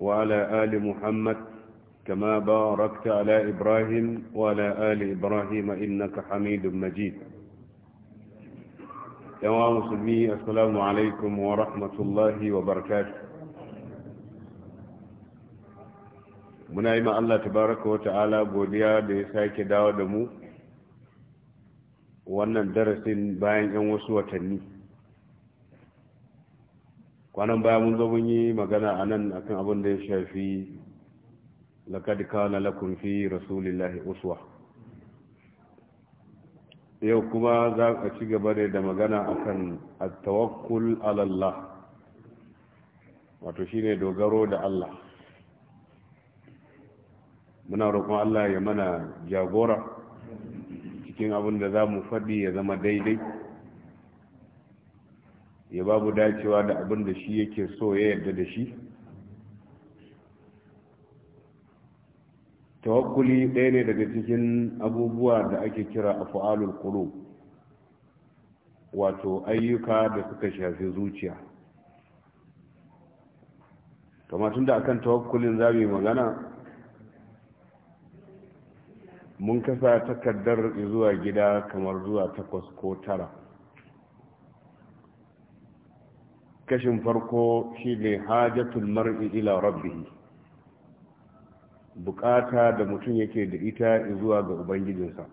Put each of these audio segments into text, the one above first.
وعلى آل محمد كما باركت على إبراهيم وعلى آل إبراهيم إنك حميد مجيد يا مسلمي السلام عليكم ورحمة الله وبركاته muna yi ma Allah tabaraka wa ta'ala godiya da ya sake dawo da mu wannan darasin bayan 'yan wasu watanni kwanan baya mun zo mun yi magana a nan akan abin da ya shafi laƙad kana lakum fi rasulillahi uswa yau kuma za a ci gaba ne da magana akan kan tawakkul ala wato shine dogaro da Allah muna roƙon Allah ya mana jagora cikin abin da za mu faɗi ya zama daidai ya babu dacewa da abin da shi yake so ya yarda da shi tawakkuli ɗaya ne daga cikin abubuwa da ake kira afu'alul fa'alul wato ayyuka da suka shafi zuciya kamar da akan tawakkulin za mu yi magana mun kasa takardar zuwa gida kamar zuwa takwas ko tara kashin farko shi ne hajjatul mar'i ila rabbihi bukata da mutum yake da ita zuwa ga ubangijinsa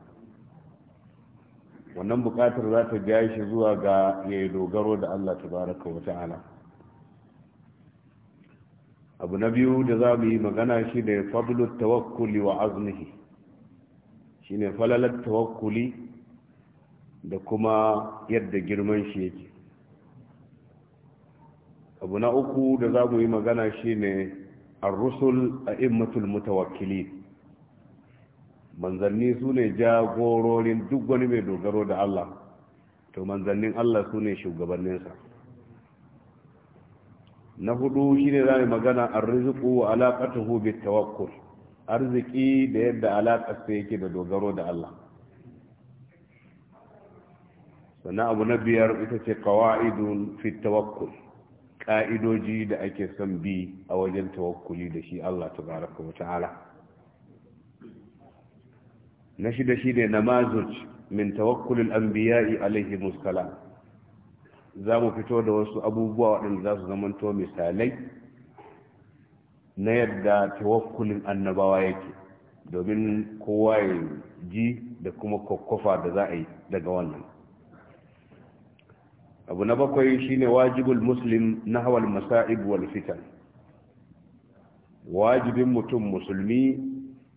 wannan bukatar za ta ja shi zuwa ga ya dogaro da allah tabaraka wa ta'ala abu na biyu da za mu yi magana shi ne fadlul tawakkuli wa azmihi shi ne falalar tawakkuli da kuma yadda girman shi yake abu na uku da za mu yi magana shine ar-rusul a'immatul mutawakkilin manzanni su ne jagororin duk wani mai dogaro da Allah to manzannin Allah su ne shugabanninsa na hudu shi ne za mu magana arziku wa alaƙatuhu bi tawakkul arziki da yadda alaƙar sai yake da dogaro da Allah sannan abu na biyar ita ce kawa'idun fi tawakkul ƙa'idoji da ake son bi a wajen tawakkuli da shi Allah ta wa ta'ala na shida na namazuj min an biya alaihi muskala. za mu fito da wasu abubuwa waɗanda za su zamanto misalai na yadda tawakkulin annabawa yake domin kowa ya ji da kuma kwakwafa da za a yi daga wannan abu na bakwai shine wajibul muslim na hawal masa'ib wal fitan wajibin mutum musulmi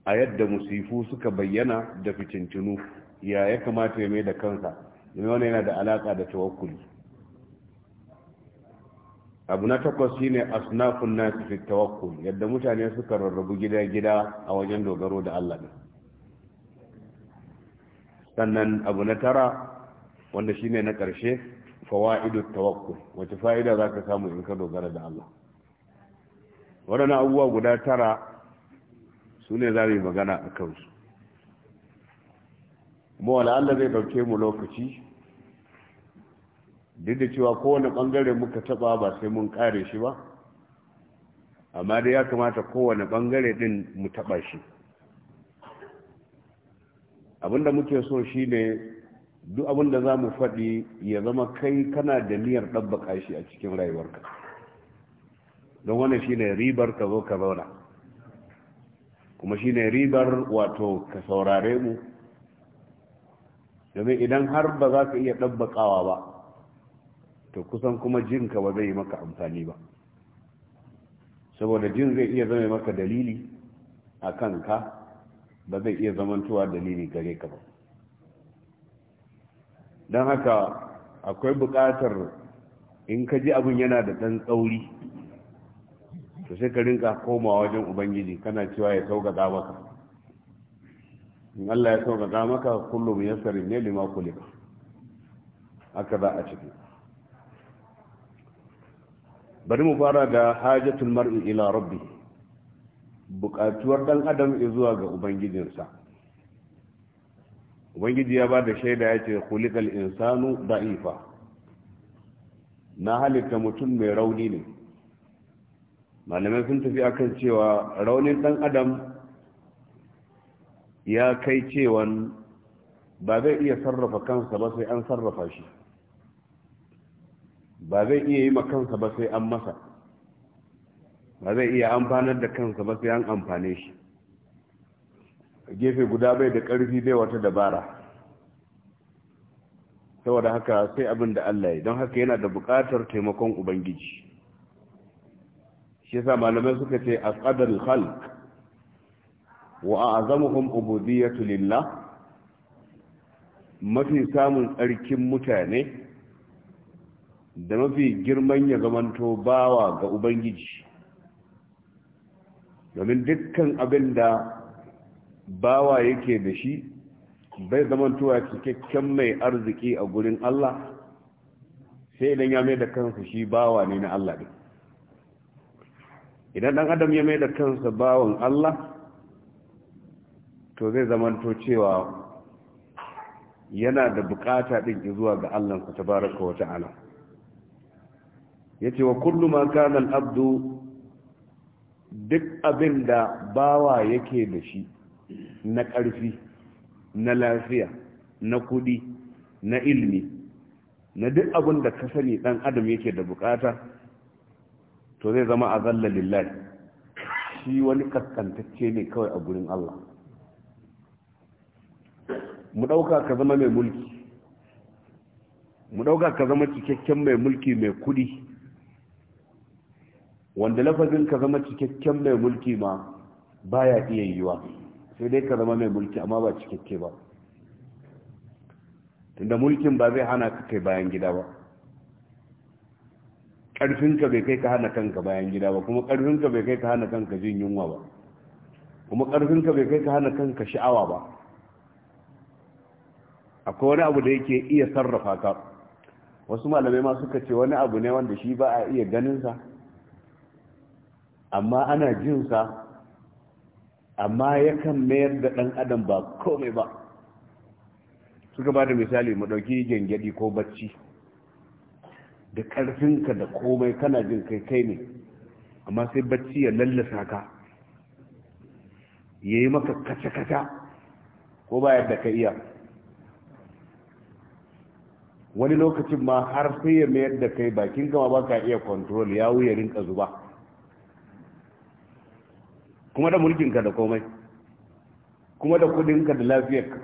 a yadda musifu suka bayyana da fitintunu ya ya kamata ya mai da kansa domin wani yana da alaka da tawakkuli abu na takwas shine asnafun nasu fi tawakkul yadda mutane suka rarrabu gida-gida a wajen dogaro da Allah ne sannan abu na tara wanda shine na ƙarshe fawa'idu tawakkul wace fa'ida za ka samu in ka dogara da Allah waɗannan abubuwa guda tara su ne za mu magana a kansu kuma Allah zai ɗauke mu lokaci duk da cewa kowane ɓangare muka taɓa ba sai mun kare shi ba amma dai ya kamata kowane ɓangare ɗin mu taɓa shi abinda muke so shine duk abin da za mu faɗi ya zama kai kana da niyyar ɗabbaka shi a cikin rayuwarka don wani shi ne ribar ka zo ka zauna kuma shi ne ribar wato ka saurare mu domin idan har ba za ka iya ɗabbakawa ba to kusan kuma jinka ba zai yi maka amfani ba saboda jin zai iya zama maka dalili a kanka ba zai iya zamantowa dalili gare ka ba don haka akwai buƙatar in ka ji abin yana da ɗan tsauri to sai ka rinka komawa wajen ubangiji kana cewa ya sauƙaƙa maka in Allah ya sauƙaƙa maka kullum ya sarin ne lima kulika aka za a ciki bari mu fara da hajatul mar'i ila rabbi buƙatuwar ɗan adam zuwa ga ubangijinsa ubangiji ya ba da shaida ya ce kulikal insanu da'ifa na halitta mutum mai rauni ne malamai sun tafi akan cewa raunin dan adam ya kai cewan ba zai iya sarrafa kansa ba sai an sarrafa shi ba zai iya yi kansa ba sai an masa ba zai iya amfanar da kansa ba sai an amfane shi gefe guda bai da ƙarfi bai wata dabara saboda haka sai abin da Allah ya don haka yana da buƙatar taimakon ubangiji shi yasa malamai suka ce asqadar Halk. wa a'zamuhum ubudiyatu lillah mafi samun tsarkin mutane da mafi girman ya zamanto bawa ga ubangiji domin dukkan abin da bawa yake da shi bai zaman tuwa cikakken mai arziki a gurin Allah sai idan ya mai da kansa shi bawa ne na Allah ne idan dan adam ya mai da kansa bawan Allah to zai zamanto cewa yana da bukata din zuwa ga Allah ta baraka wa ta'ala yace wa kullu ma kana al-abdu duk abinda bawa yake da shi na ƙarfi na lafiya na kuɗi na ilmi na duk abin da ka sani ɗan adam yake da bukata to zai zama a zalla lillahi shi wani kaskantacce ne kawai a gurin Allah mu ɗauka ka zama mai mulki mu ɗauka ka zama cikakken mai mulki mai kuɗi wanda lafazin ka zama cikakken mai mulki ma baya iya yiwa sai dai ka zama mai mulki amma ba cikakke ba tunda mulkin ba zai hana ka kai bayan gida ba ƙarfinka bai kai ka hana kanka bayan gida ba kuma ƙarfinka bai kai ka hana kanka jin yunwa ba kuma ƙarfinka bai kai ka hana kanka sha'awa ba akwai wani abu da yake iya sarrafa ka wasu malamai ma suka ce wani abu ne wanda shi ba a iya ganinsa amma ana jinsa amma yakan mayar da ɗan adam ba komai ba suka ba da misali mu ɗauki gyangyaɗi ko bacci da ƙarfinka da komai kana jin kai kai ne amma sai bacci ya lallasa ka ya yi maka kaca-kaca ko ba yadda ka iya wani lokacin ma har sai ya mayar da kai bakin gama ba ka iya kontrol ya wuya rinka zuba kuma da mulkinka da komai kuma da kudinka da lafiyarka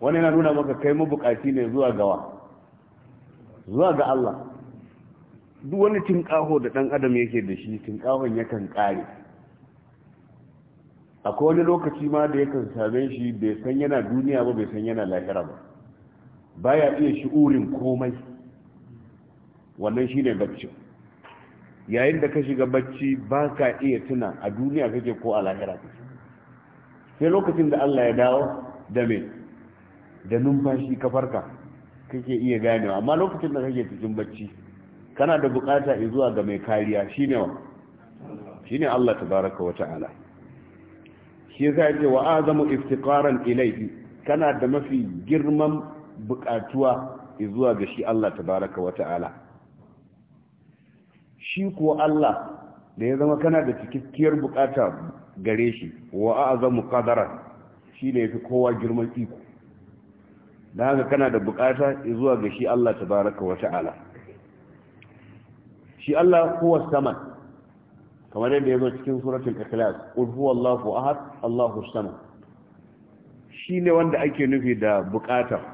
wani yana nuna maka kai mabukaci ne zuwa gawa zuwa ga Allah duk wani tinkaho da dan adam yake da shi tinkahon yakan kare akwai wani lokaci ma da yakan same shi bai san yana duniya ba bai san yana lahira ba baya iya shi urin komai wannan shine baccin yayin da ka shiga bacci ba ka iya tuna a duniya kake ko a lahira kake sai lokacin da Allah ya dawo da me da numfashi ka farka kake iya ganewa amma lokacin da kake cikin bacci kana da bukata zuwa ga mai kariya shine wa shine Allah tabaraka wa ta'ala shi zai ce wa azamu iftiqaran ilayhi kana da mafi girman bukatuwa zuwa ga shi Allah tabaraka wa ta'ala shi ko Allah da ya zama kana da cikakkiyar bukata gare shi wa a'zamu qadara shi ne yafi kowa girman iko dan haka kana da bukata zuwa ga shi Allah tabaaraka wa ta'ala shi Allah huwa samad kamar yadda ya zo cikin suratul ikhlas qul huwallahu ahad Allahu samad shi ne wanda ake nufi da bukatar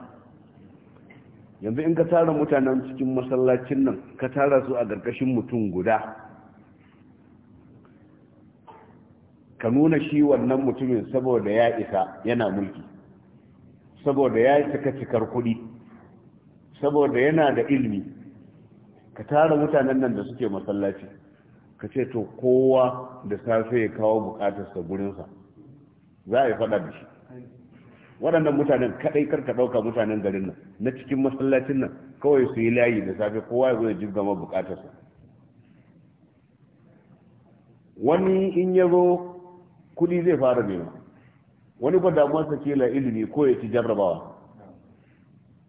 yanzu in ka tara mutanen cikin masallacin nan ka tara su a ƙarƙashin mutum guda ka nuna shi wannan mutumin saboda ya isa yana mulki saboda ya isa ka cikar kuɗi saboda yana da ilimi ka tara mutanen nan da suke masallaci ka ce to kowa da safe ya kawo bukatarsa gurinsa za a yi faɗa da shi waɗannan mutanen kaɗai karka ɗauka mutanen garin nan na cikin masallacin nan kawai su yi layi da safe kowa ya zai jirga ma wani in ya zo kudi zai fara nema wani ba damuwarsa ke la ilimi ko ya ci jarrabawa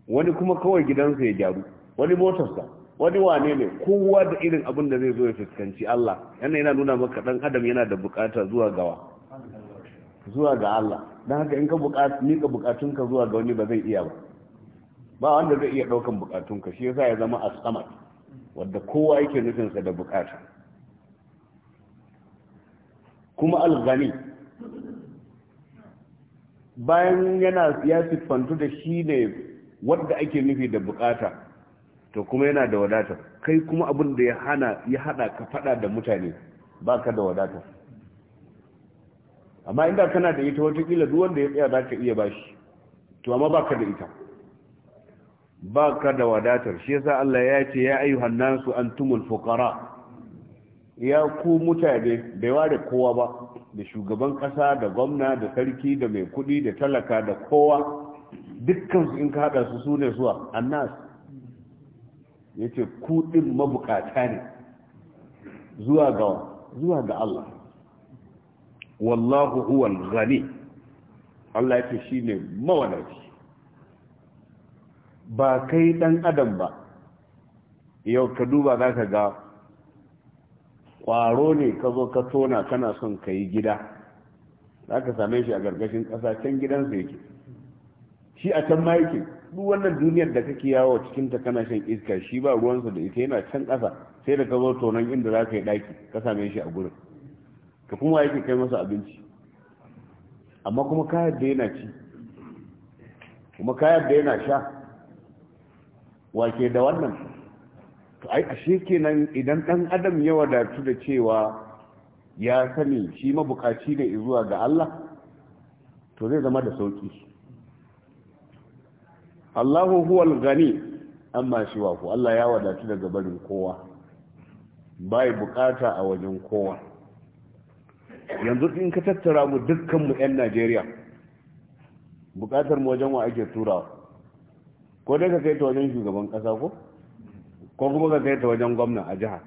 wani kuma kawai gidansa ya gyaru wani motarsa wani wane ne kowa da irin abin da zai zo ya fuskanci Allah yana yana nuna maka dan adam yana da bukata zuwa gawa zuwa ga Allah dan haka in ka mika bukatunka zuwa ga wani ba zai iya ba ba wanda zai iya ɗaukan ka shi yasa ya zama as wanda kowa yake nufinsa da bukata kuma al-ghani bayan yana ya siffantu da shi ne wanda ake nufi da bukata to kuma yana da wadata kai kuma abin da ya hana ya hada ka fada da mutane baka da wadata amma inda kana da ita wata kila duk wanda ya tsaya zaka iya bashi to amma baka da ita ba ka da wadatar shi yasa Allah ya ce ya ayyuhan nasu antumul fuqara ya ku mutane bai ware kowa ba da shugaban kasa da gwamna da sarki da mai kudi da talaka da kowa dukkan su in ka hada su sune suwa annas yace ku din mabukata ne zuwa ga zuwa ga Allah wallahu huwal ghani Allah yake shine mawadaci ba kai dan adam ba yau ka duba za ka ga kwaro ne ka zo ka tona kana son ka yi gida za ka same shi a gargashin ƙasa can gidansa yake shi a can ma yake duk wannan duniyar da kake yawo cikinta kana shan iska shi ba ruwansa da ita yana can ƙasa sai da ka zo tonon inda za ka yi ɗaki ka same shi a gurin ka kuma yake kai masa abinci amma kuma kayar da yana ci kuma kayar da yana sha wake da wannan to ai ashe kenan idan dan adam ya wadatu da cewa ya sani shi mabukaci ne zuwa ga Allah to zai zama da sauki Allahu huwal gani amma shi ku Allah ya wadatu daga barin kowa bai bukata a wajen kowa yanzu in ka tattara mu dukkan mu 'yan Najeriya bukatar mu wajen wa ake turawa ko dai ka kai ta wajen shugaban kasa ko ko kuma ka kai ta wajen gwamna a jiha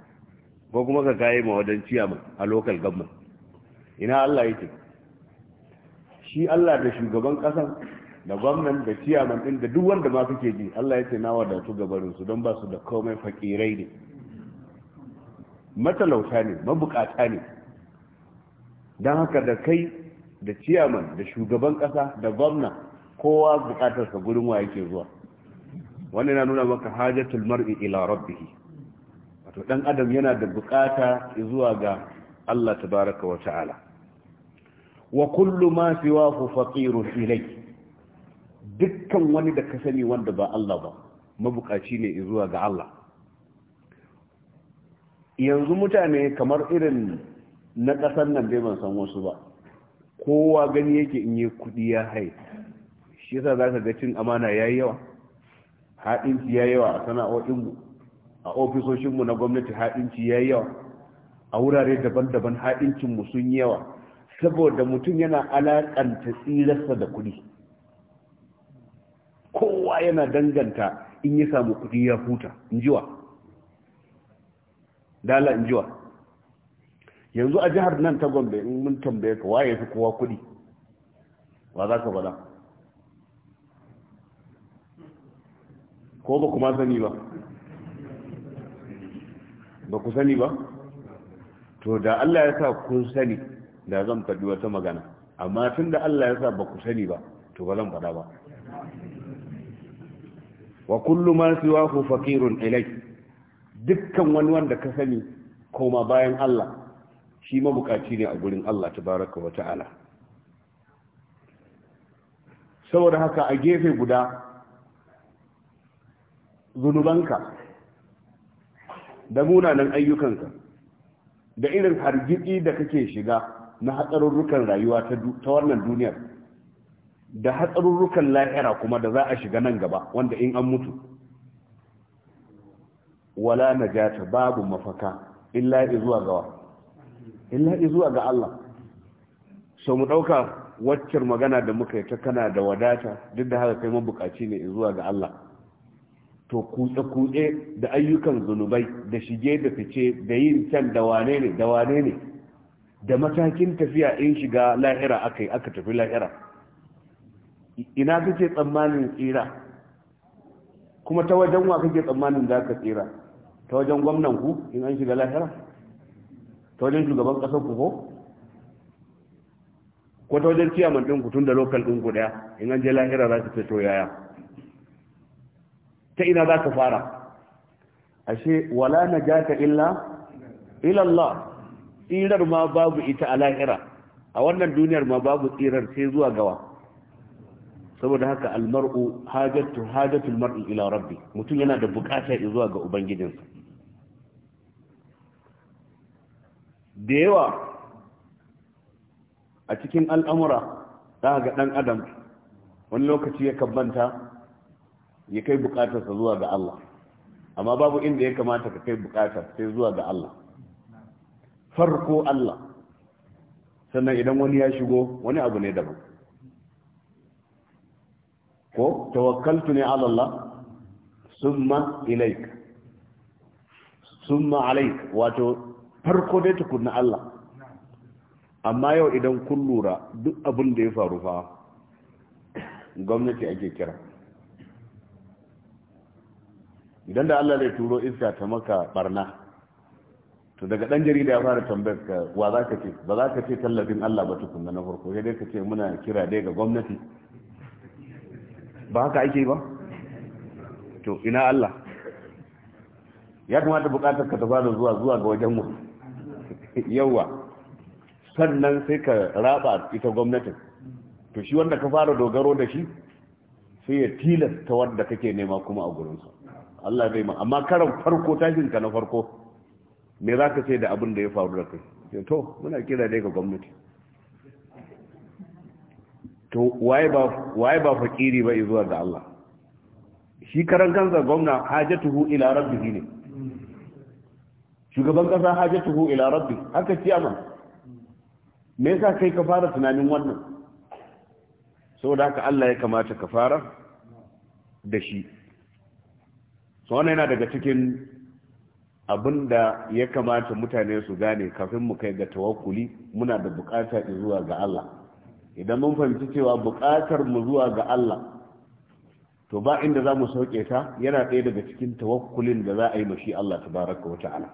ko kuma ka kai ma wajen ciyama a local government ina Allah yake shi Allah da shugaban kasa da gwamnan da ciyaman din da duk wanda ma suke ji Allah ya ce na su gabarin su don ba su da komai fakirai ne matalauta ne mabukata ne don haka da kai da ciyaman da shugaban kasa da gwamna kowa bukatarsa gurin wa yake zuwa Wani yana nuna maka hajatul mar'i ila rabbih wato dan adam yana da bukata zuwa ga Allah tabaaraka wa ta'ala wa kullu ma siwahu faqir ilayhi dukkan wani da ka sani wanda ba Allah ba mabukaci ne zuwa ga Allah yanzu mutane kamar irin na ƙasar nan bai ban san wasu ba kowa gani yake in yi kuɗi ya hai shi yasa za ga cin amana yayi yawa haɗinci ya yawa a sana'o'inmu a ofisoshinmu na gwamnati haɗinci ya yawa a wurare daban-daban haɗincinmu sun yawa saboda mutum yana alaƙanta tsirarsa da kuɗi kowa yana danganta in ya samu kuɗi ya huta in dala in yanzu a jihar nan ta gombe in mun tambaye ka waye fi kowa kuɗi Ba za ka bada ko ba kuma sani ba ba ku sani ba to da Allah ya sa kun sani da zan faɗi wata magana amma tun da Allah ya sa ba ku sani ba to ba zan faɗa ba wa kullu ma siwa ku faqirun ilai dukkan wani wanda ka sani koma bayan Allah shi mabukaci ne a gurin Allah Ta baraka wa ta'ala saboda haka a gefe guda zunubanka da munanan ayyukanka da irin hargitsi da kake shiga na hatsarurrukan rayuwa ta wannan duniyar da hatsarurrukan lahira kuma da za a shiga nan gaba wanda in an mutu wala najata babu mafaka illa izuwa ga illa izuwa ga Allah so mu dauka waccar magana da muka yi ta kana da wadata duk da haka kai mabukaci ne zuwa ga Allah to kutse-kutse da ayyukan zunubai da shige da fice da yin can da wane ne da wane ne da matakin tafiya in shiga lahira aka yi aka tafi lahira ina kake tsammanin tsira kuma ta wajen wa kake tsammanin za ka tsira ta wajen gwamnan ku in an shiga lahira ta wajen shugaban ƙasar ku ko ko ta wajen ciyaman ɗinku tun da lokal ɗinku ɗaya in an je lahira za su fito yaya ta ina za ka fara ashe wala najata illa ila tsirar ma babu ita a lahira a wannan duniyar ma babu tsirar sai zuwa gawa saboda haka almar'u hajatu hajatul almar'u ila rabbi mutum yana da bukata zuwa ga ubangijinsa da yawa a cikin al'amura za ga dan adam wani lokaci ya kabbanta ya kai bukatarsa zuwa ga Allah amma babu inda ya kamata ka kai bukatar sai zuwa ga Allah farko Allah sannan idan wani ya shigo wani abu ne daban ko tawakkaltu ne ala Allah summa ilaika summa alaik wato farko dai tukunna Allah amma yau idan kun lura duk abin da ya faru fa gwamnati ake kira idan da Allah zai turo iska ta maka barna to daga dan jarida ya fara tambayar ka wa za ka ce ba za ka ce tallafin Allah ba tukunna na farko sai dai ka ce muna kira dai ga gwamnati ba haka ake ba to ina Allah ya kamata bukatar ka tafi da zuwa zuwa ga wajen mu yawa sannan sai ka raba ita gwamnatin to shi wanda ka fara dogaro da shi sai ya tilasta wanda kake nema kuma a gurinsa Allah bai ma amma karan farko tashin ka na farko me za ka ce da abin da ya faru da kai to muna kira dai ga gwamnati to waye ba waye ba fakiri ba zuwa ga Allah shi karan kansa gwamna hajatuhu ila rabbihi ne shugaban kasa hajatuhu ila rabbi haka amma me yasa kai ka fara tunanin wannan saboda haka Allah ya kamata ka fara da shi so wannan yana daga cikin abin da ya kamata mutane su gane kafin mu kai ga tawakkuli muna da bukata zuwa ga Allah idan mun fahimci cewa bukatar mu zuwa ga Allah to ba inda za mu sauke ta yana ɗaya daga cikin tawakkulin da za a yi mashi Allah ta baraka. wa ta'ala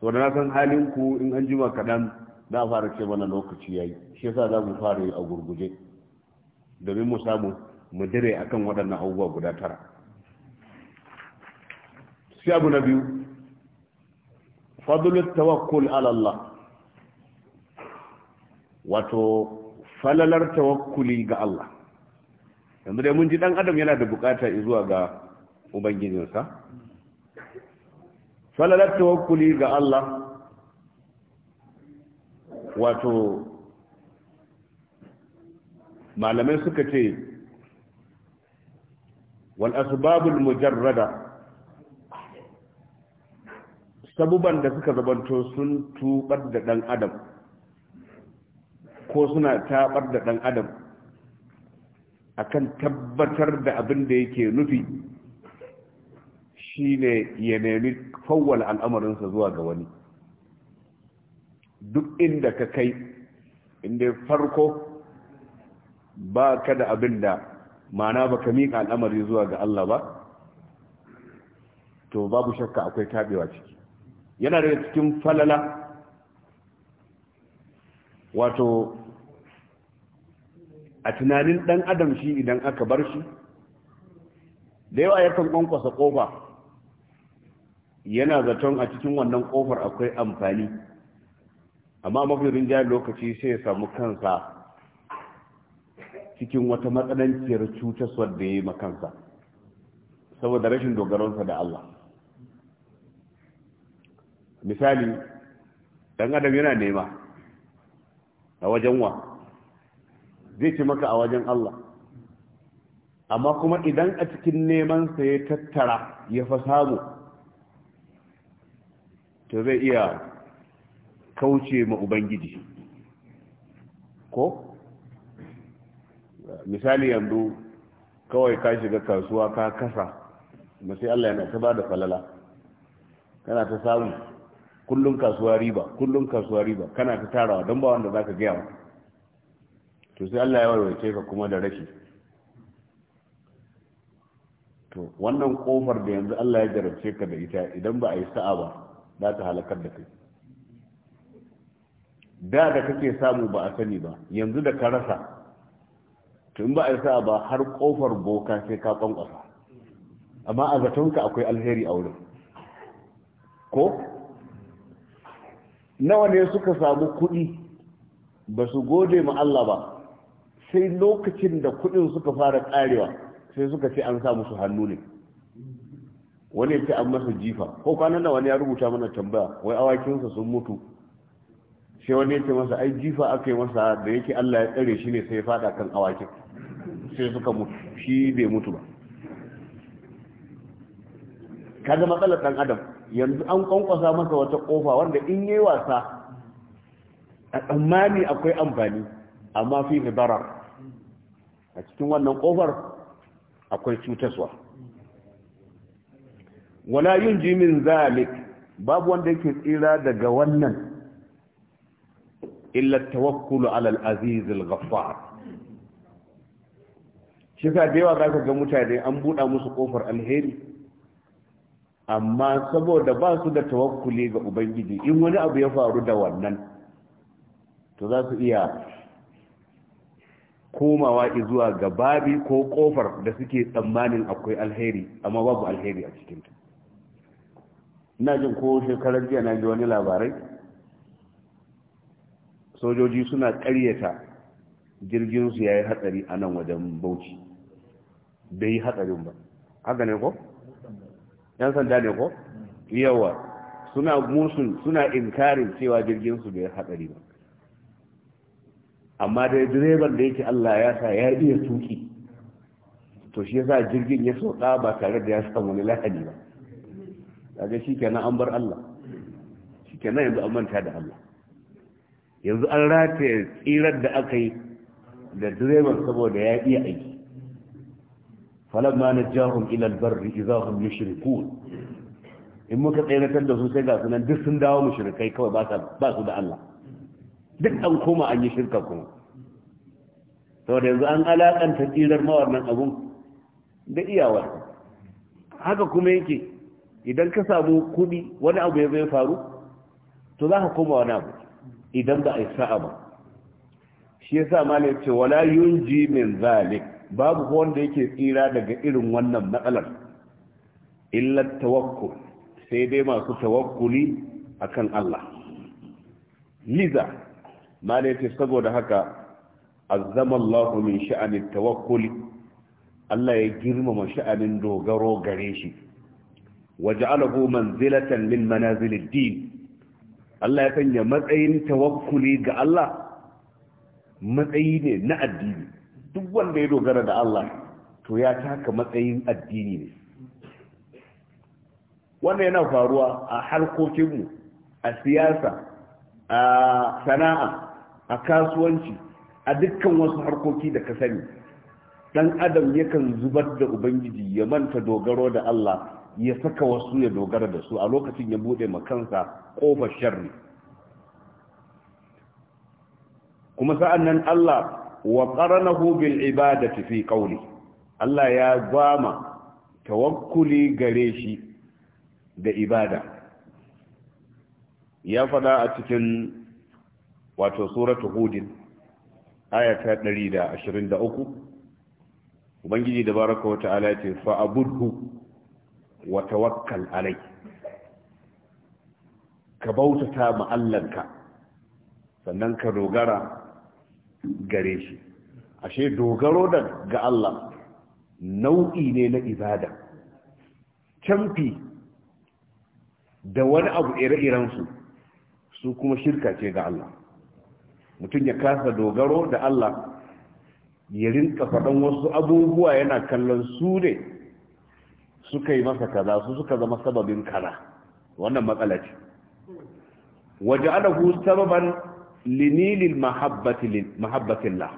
to da na san halin ku in an jima kaɗan za a fara ce mana lokaci yayi shi yasa za mu fara yi a gurguje domin mu samu mu dire akan waɗannan abubuwa guda tara sai abu na biyu fadlul tawakkul ala Allah wato falalar tawakkuli ga Allah yanzu dai mun ji dan adam yana da bukata zuwa ga ubangijinsa falalar tawakkuli ga Allah wato malamai suka ce wal asbabul mujarrada sabuban da suka zabanto sun tubar da ɗan adam ko suna tabar da ɗan adam akan tabbatar da abin da yake nufi shine ya nemi fawwala al'amarinsa zuwa ga wani duk inda ka kai inda farko ba ka da abin da mana ba ka miƙa al'amari zuwa ga Allah ba to babu shakka akwai taɓewa ciki yana daga cikin falala wato a tunanin dan adam shi idan aka bar shi da yawa yakan kwankwasa kofa yana zaton a cikin wannan kofar akwai amfani amma mafi rinjayen lokaci sai ya samu kansa cikin wata matsananciyar cutar da ya yi makansa saboda rashin dogaronsa da Allah misali dan adam yana nema a wajen wa zai ci maka a wajen Allah amma kuma idan a cikin nemansa ya tattara ya fa samu to zai iya kauce ma ubangiji ko misali yanzu kawai ka shiga kasuwa ka kasa kuma sai Allah yana ta bada falala kana ta samu kullum kasuwa riba kullum kasuwa riba kana ta tarawa don ba wanda za ka gaya to sai Allah ya warwace ka kuma da rashi to wannan kofar da yanzu Allah ya jarabce ka da ita idan ba a yi sa'a ba za ta halakar da kai da da kake samu ba a sani ba yanzu da ka rasa to in ba a yi sa'a ba har kofar boka sai ka kwankwasa amma a zatonka akwai alheri a wurin ko nawa ne suka samu kuɗi ba su gode ma Allah ba sai lokacin da kuɗin suka fara ƙarewa sai suka ce an sa musu hannu ne wani ce an masa jifa ko kwanan da wani ya rubuta mana tambaya wai awakinsa sun mutu sai wani ce masa ai jifa aka yi masa da yake Allah ya tsare shi ne sai ya fada kan awakin sai suka mutu shi bai mutu ba kaga matsalar dan adam yanzu an kwankwasa masa wata kofa wanda in yi wasa a tsammani akwai amfani amma fi barar a cikin wannan kofar akwai cutaswa wala yin jimin zalik babu wanda yake tsira daga wannan illa tawakkulu ala al-aziz al-ghaffar shi ka da yawa zaka ga mutane an buɗa musu kofar alheri amma saboda ba su da tawakkuli ga ubangiji in wani abu ya faru da wannan to za su iya komawa zuwa ga babi ko kofar da suke tsammanin akwai alheri amma babu alheri a cikinta ina jin ko shekarar jiya na ji wani labarai sojoji suna karyata jirginsu ya yi hatsari a nan wajen bauchi bai yi hatsarin ba haka ne ko? yan sanda ne ko yawa suna musun suna inkarin cewa jirgin su bai hatsari ba amma dai direban da yake Allah ya sa ya iya tuki to shi yasa jirgin ya soka ba tare da ya samu wani lahani ba shi kenan an bar Allah kenan yanzu an manta da Allah yanzu an rataye tsirar da aka yi da direban saboda ya iya aiki falamma najahum ila albarri idza hum yushrikun in muka tsayar da su sai ga sunan duk sun dawo mushrikai kawai ba su da Allah duk an koma an yi shirka kuma saboda yanzu an alakanta tsirar mawarnan abun da iyawar haka kuma yake idan ka samu kudi wani abu ya zai faru to za ka koma wani abu idan ba a yi sa'a ba shi yasa ma ne ce wala yunji min zalik babu wanda yake tsira daga irin wannan matsalar illa tawakkul sai dai masu tawakkuli akan Allah liza ma saboda haka azzama Allah min sha'anin tawakkuli Allah ya girmama sha'anin dogaro gare shi waj'alahu manzilatan min manazilid din Allah ya sanya matsayin tawakkuli ga Allah matsayi ne na addini duk wanda ya dogara da Allah to ya taka matsayin addini ne wannan yana faruwa a harkokinmu a siyasa a sana'a a kasuwanci a dukkan wasu harkoki da ka sani dan adam yakan zubar da ubangiji ya manta dogaro da Allah ya saka wasu ya dogara da su a lokacin ya bude makansa kofar sharri kuma sa'an nan Allah wa qaranahu bil ibadati fi qawli Allah ya gwama tawakkuli gare shi da ibada ya fada a cikin wato suratu hudin aya ta 123 ubangiji da baraka wa ta'ala ya ce abudhu wa tawakkal alai ka bautata ma sannan ka dogara gare shi ashe dogaro da ga Allah nau'i ne na ibada camfi da wani abu ire iren su su kuma shirka ce ga Allah mutum ya kasa dogaro da Allah ya rinka faɗan wasu abubuwa yana kallon su ne suka yi masa kaza su suka zama sababin kaza wannan matsala ce waje hu sababan linili mahabbatillah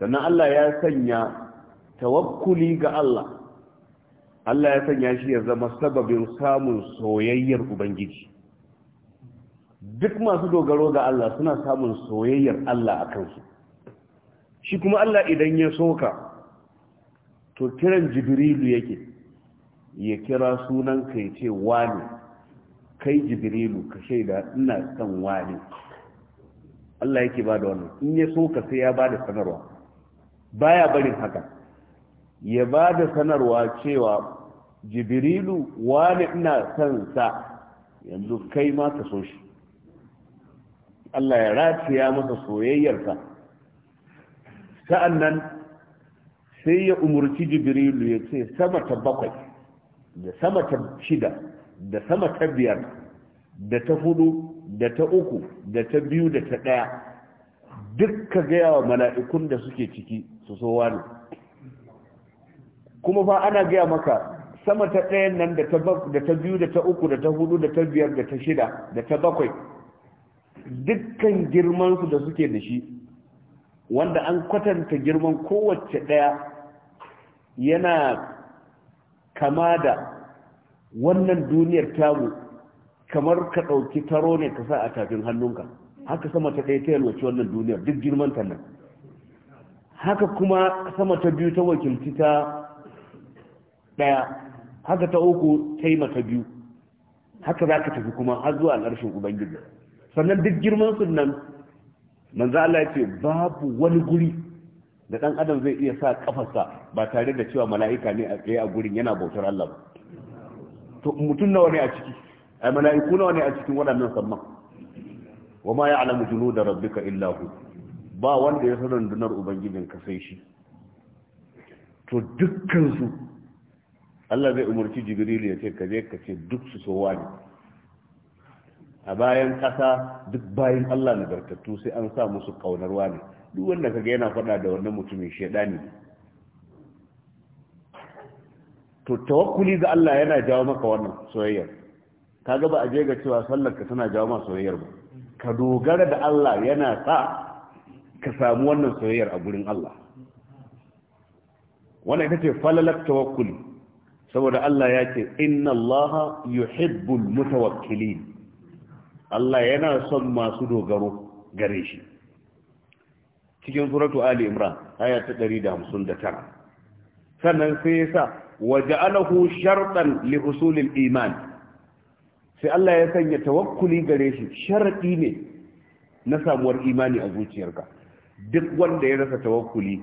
sannan Allah ya sanya tawakkuli ga Allah Allah ya sanya shi ya zama sababin samun soyayyar Ubangiji duk masu dogaro ga Allah suna samun soyayyar Allah a kansu shi kuma Allah idan ya soka to kiran jibrilu yake ya kira sunan ka ya ce wani kai jibrilu ka shaida ina son wani Allah yake ba da wannan in ya so ka sai ya ba da sanarwa baya barin haka ya ba da sanarwa cewa jibrilu wani ina son sa yanzu kai ma ka so shi Allah ya rataya masa soyayyarsa sa'annan sai ya umurci jibrilu ya ce sama ta bakwai da sama ta shida da sama ta biyar da ta hudu da ta uku da ta biyu da ta ɗaya duk ka gaya wa mala'ikun da suke ciki su so wani kuma fa ana gaya maka sama ta ɗayan nan da ta biyu da ta uku da ta hudu da ta biyar da ta shida da ta bakwai dukkan girmansu da suke da shi wanda an kwatanta girman kowace ɗaya yana kama da wannan duniyar tamu kamar ka ɗauki taro ne ka sa a tafin hannunka haka sama ta ɗaya ta yalwaci wannan duniyar duk girman ta nan haka kuma sama ta biyu ta wakilci ta ɗaya haka ta uku ta yi mata biyu haka za ka tafi kuma har zuwa ƙarshen ubangiji sannan duk girman su nan manzo Allah ya ce babu wani guri da ɗan adam zai iya sa kafarsa ba tare da cewa mala'ika ne a tsaye a gurin yana bautar Allah ba to mutum nawa ne a ciki ai mala'iku nawa ne a cikin waɗannan samman wa ma ya'lamu junuda rabbika illa hu ba wanda ya san rundunar ubangijin ka sai shi to dukkan Allah zai umarci Jibril ya ce ka je ka ce duk su sowa ne a bayan ƙasa duk bayan Allah nagartattu sai an sa musu ƙaunarwa ne duk wanda kaga yana faɗa da wannan mutumin shaidani to tawakkuli ga Allah yana jawo maka wannan soyayyar kaga ba a je ga cewa sallar ka tana jawo ma soyayyar ba ka dogara da Allah yana sa ka samu wannan soyayyar a gurin Allah wannan ita ce falalar tawakkuli saboda Allah ya ce inna Allah yuhibbul mutawakkilin Allah yana son masu dogaro gare shi cikin suratu Ali Imran aya ta 159 sannan sai ya sa waja'alahu shartan li husulil iman sai Allah ya sanya tawakkuli gare shi sharadi ne na samuwar imani a zuciyarka duk wanda ya rasa tawakkuli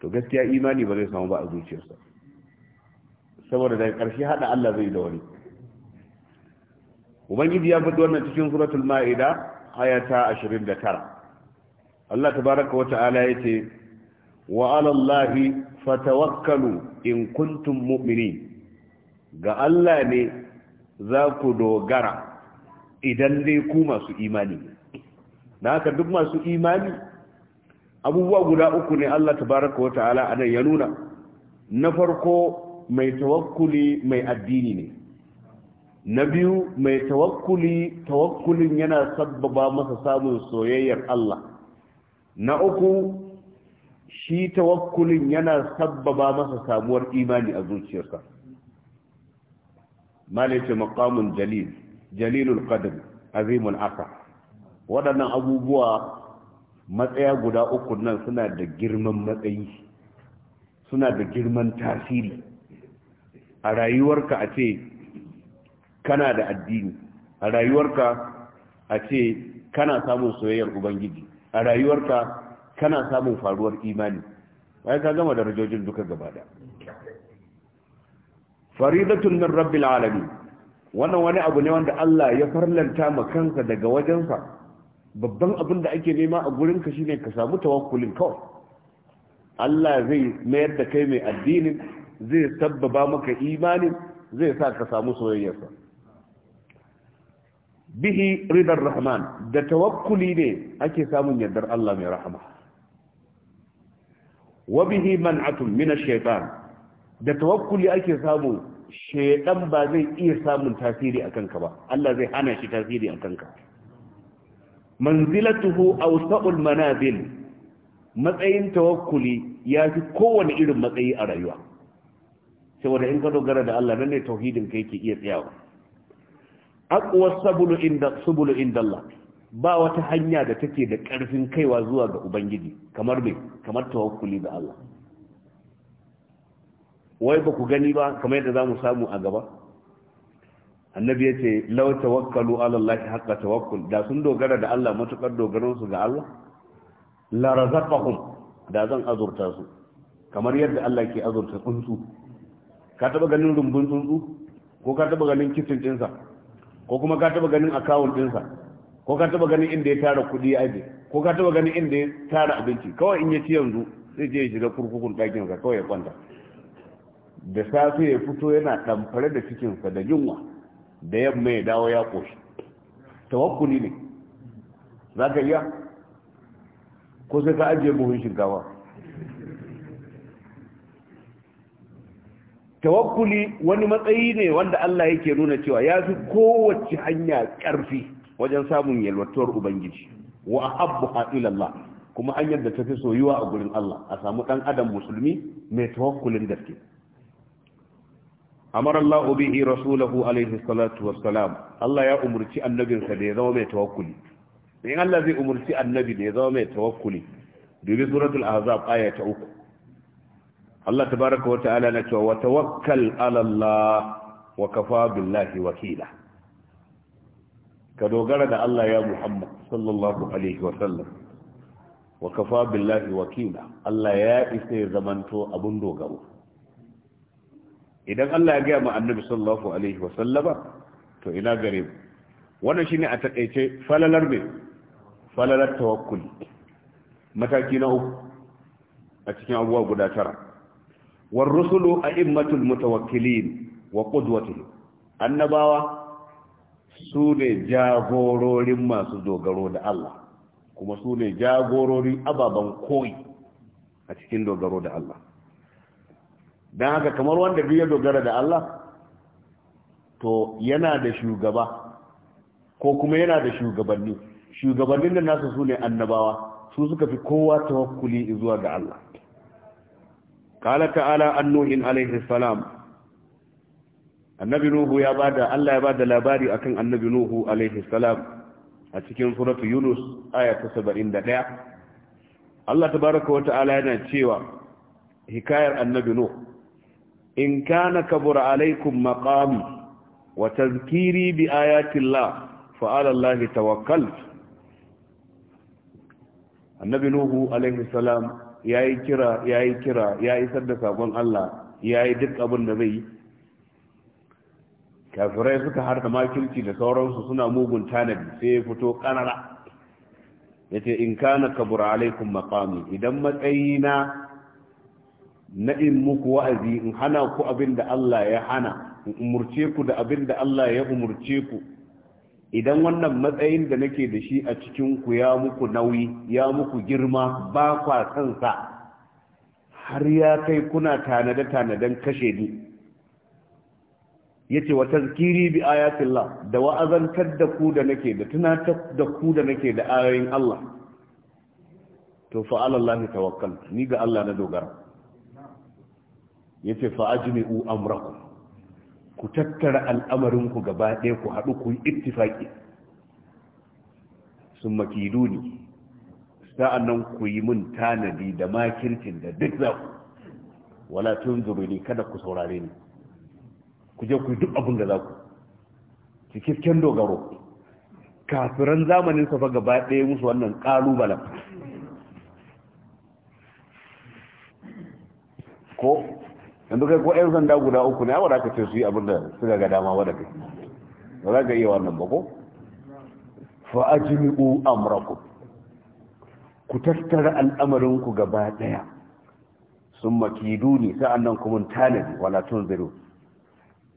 to gaskiya imani ba zai samu ba a zuciyarsa saboda daga ƙarshe hada Allah zai da wani ubangiji ya faɗi wannan cikin suratul ma'ida aya ta 29 Allah tabaraka wa ta'ala yace wa 'ala Allahi fatawakkalu in kuntum mu'minin ga Allah ne za ku dogara idan dai ku masu imani na haka duk masu imani abubuwa guda uku ne Allah tabaraka wa ta'ala a nan ya nuna na farko mai tawakkuli mai addini ne na biyu mai tawakkuli tawakkulin yana sabbaba masa samun soyayyar Allah na uku shi tawakkulin yana sabbaba masa samuwar imani a zuciyarsa malice maqamun jalil jalilul qadr azimul asa waɗannan abubuwa matsaya guda uku nan suna da girman matsayi suna da girman tasiri a rayuwarka a ce kana da addini a rayuwarka a ce kana samun soyayyar ubangiji a rayuwarka kana samun faruwar imani bayan ka gama darajojin duka gaba da faridatun min rabbil alamin wannan wani abu ne wanda Allah ya farlanta ma kansa daga wajensa babban abin da ake nema a gurin ka shine ka samu tawakkulin kawai Allah zai mayar da kai mai addinin zai sabbaba maka imanin zai sa ka samu soyayyarsa bihi ridar rahman da tawakkuli ne ake samun yardar Allah mai rahama wa bihi man'atun min ash-shaytan da tawakkuli ake samu shaidan ba zai iya samun tasiri a kanka ba Allah zai hana shi tasiri a kanka manzilatuhu awsa'ul manazil matsayin tawakkuli ya fi kowane irin matsayi a rayuwa saboda in ka dogara da Allah nan ne tauhidin kai ke iya tsayawa aqwa sabulu inda subulu inda Allah ba wata hanya da take da karfin kaiwa zuwa ga ubangiji kamar me kamar tawakkuli da Allah wai ba ku gani ba kamar yadda za mu samu a gaba annabi ya ce lau tawakkalu ala Allah haqqa tawakkul da sun dogara da Allah matukar dogaron su ga Allah la razaqahum da zan azurta su kamar yadda Allah ke azurta tsuntsu ka taba ganin rumbun tsuntsu ko ka taba ganin kitchen dinsa ko kuma ka taba ganin account dinsa ko ka taba ganin inda ya tara kuɗi aje ko ka taba ganin inda ya tara abinci kawai in ya ci yanzu sai je ya shiga kurkukun ɗakin sa kawai ya kwanta da safe ya fito yana ɗamfare da cikinsa da yunwa da yamma ya dawo ya ƙoshi tawakkuli ne za ka iya ko sai ka ajiye buhun shinkawa tawakkuli wani matsayi ne wanda Allah yake nuna cewa ya fi kowace hanya ƙarfi wajen samun yalwatuwar ubangiji wa habbu ila kuma hanyar da ta fi soyuwa a gurin Allah a samu ɗan adam musulmi mai tawakkulin gaske amara Allah bihi rasulahu alaihi salatu wassalam Allah ya umurci annabinsa da ya zama mai tawakkuli in Allah zai umurci annabi da ya zama mai tawakkuli dubi suratul ahzab aya ta uku Allah tabaraka ta'ala na cewa wa tawakkal ala Allah wa kafa billahi wakila ka dogara da Allah ya Muhammad sallallahu alaihi wa sallam wa kafa billahi wakila Allah ya isa ya zamanto abun dogaro idan Allah ya gaya ma annabi sallallahu alaihi wa sallama to ina gare mu wannan shine a takaice falalar me falalar tawakkuli mataki na uku a cikin abubuwa guda tara war rusulu a'immatul mutawakkilin wa qudwatuhum annabawa su ne jagororin masu dogaro da Allah kuma su ne jagororin ababen koyi a cikin dogaro da Allah don haka kamar wanda duk dogara da Allah to yana da shugaba ko kuma yana da shugabanni shugabannin da nasu su ne annabawa su suka fi kowa tawakkuli zuwa ga Allah Kala ta'ala annuhin alaihi salam annabi nuhu ya bada Allah ya bada labari akan annabi nuhu alaihi salam a cikin suratu yunus aya ta 71 Allah tabaraka wa ta'ala yana cewa hikayar annabi nuhu in kana kabura alaikum maqami wa tazkiri bi ayati Allah fa ala Allah annabi nuhu alaihi salam yayi kira yayi kira ya isar da sakon Allah yayi duk abin da zai kafirai suka harta makirci da sauransu suna mugun tanadi sai ya fito kanara yace in kana kabura alaikum maqami idan matsayina na in muku wa'azi in hana ku abin da Allah ya hana in umurce ku da abin da Allah ya umurce ku idan wannan matsayin da nake da shi a cikin ku ya muku nauyi ya muku girma ba kwa kansa har ya kai kuna tanade tanadan kashe ni yace wa tazkiri bi ayatillah da wa'azantar da ku da nake da tunatar da ku da nake da ayoyin Allah to fa ala tawakkal ni ga Allah na dogara yace fa ajmi'u amrakum ku tattara al'amarin ku gaba ɗaya ku haɗu ku yi ittifaƙi sun ne, sa'an nan ku yi mun tanadi da makircin da duk za ku wala tun ne, kada ku saurare ni ku je ku yi duk abin da za ku cikakken dogaro kafiran zamanin safa gaba ɗaya musu wannan ƙalubalen ko yanzu kai ko yan sanda guda uku ne awara ka ce su yi abin da suka ga dama ba da ba za ka iya wannan ba ko fa ajmi'u amrakum ku tattara al'amarin ku gaba daya sun makidu ne nan kuma tanadi wala tunziru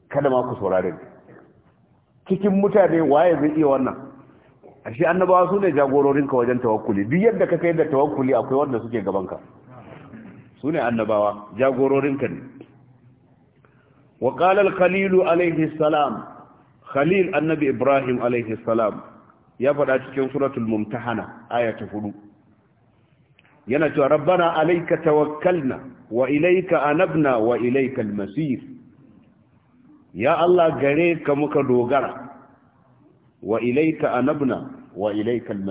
kada ma ku saurare cikin mutane waye zai iya wannan ashe annabawa su ne jagororinka wajen tawakkuli duk yadda ka kai da tawakkuli akwai wanda suke gabanka su ne annabawa jagororinka ne wa Khalilu khalil alayhi salam khalil annabi ibrahim alayhi salam ya faɗa cikin suratul mumtahana aya ta 4 yana cewa rabbana alayka tawakkalna wa ilayka anabna wa ilayka al ya allah gare ka muka dogara wa ilayka anabna wa ilayka al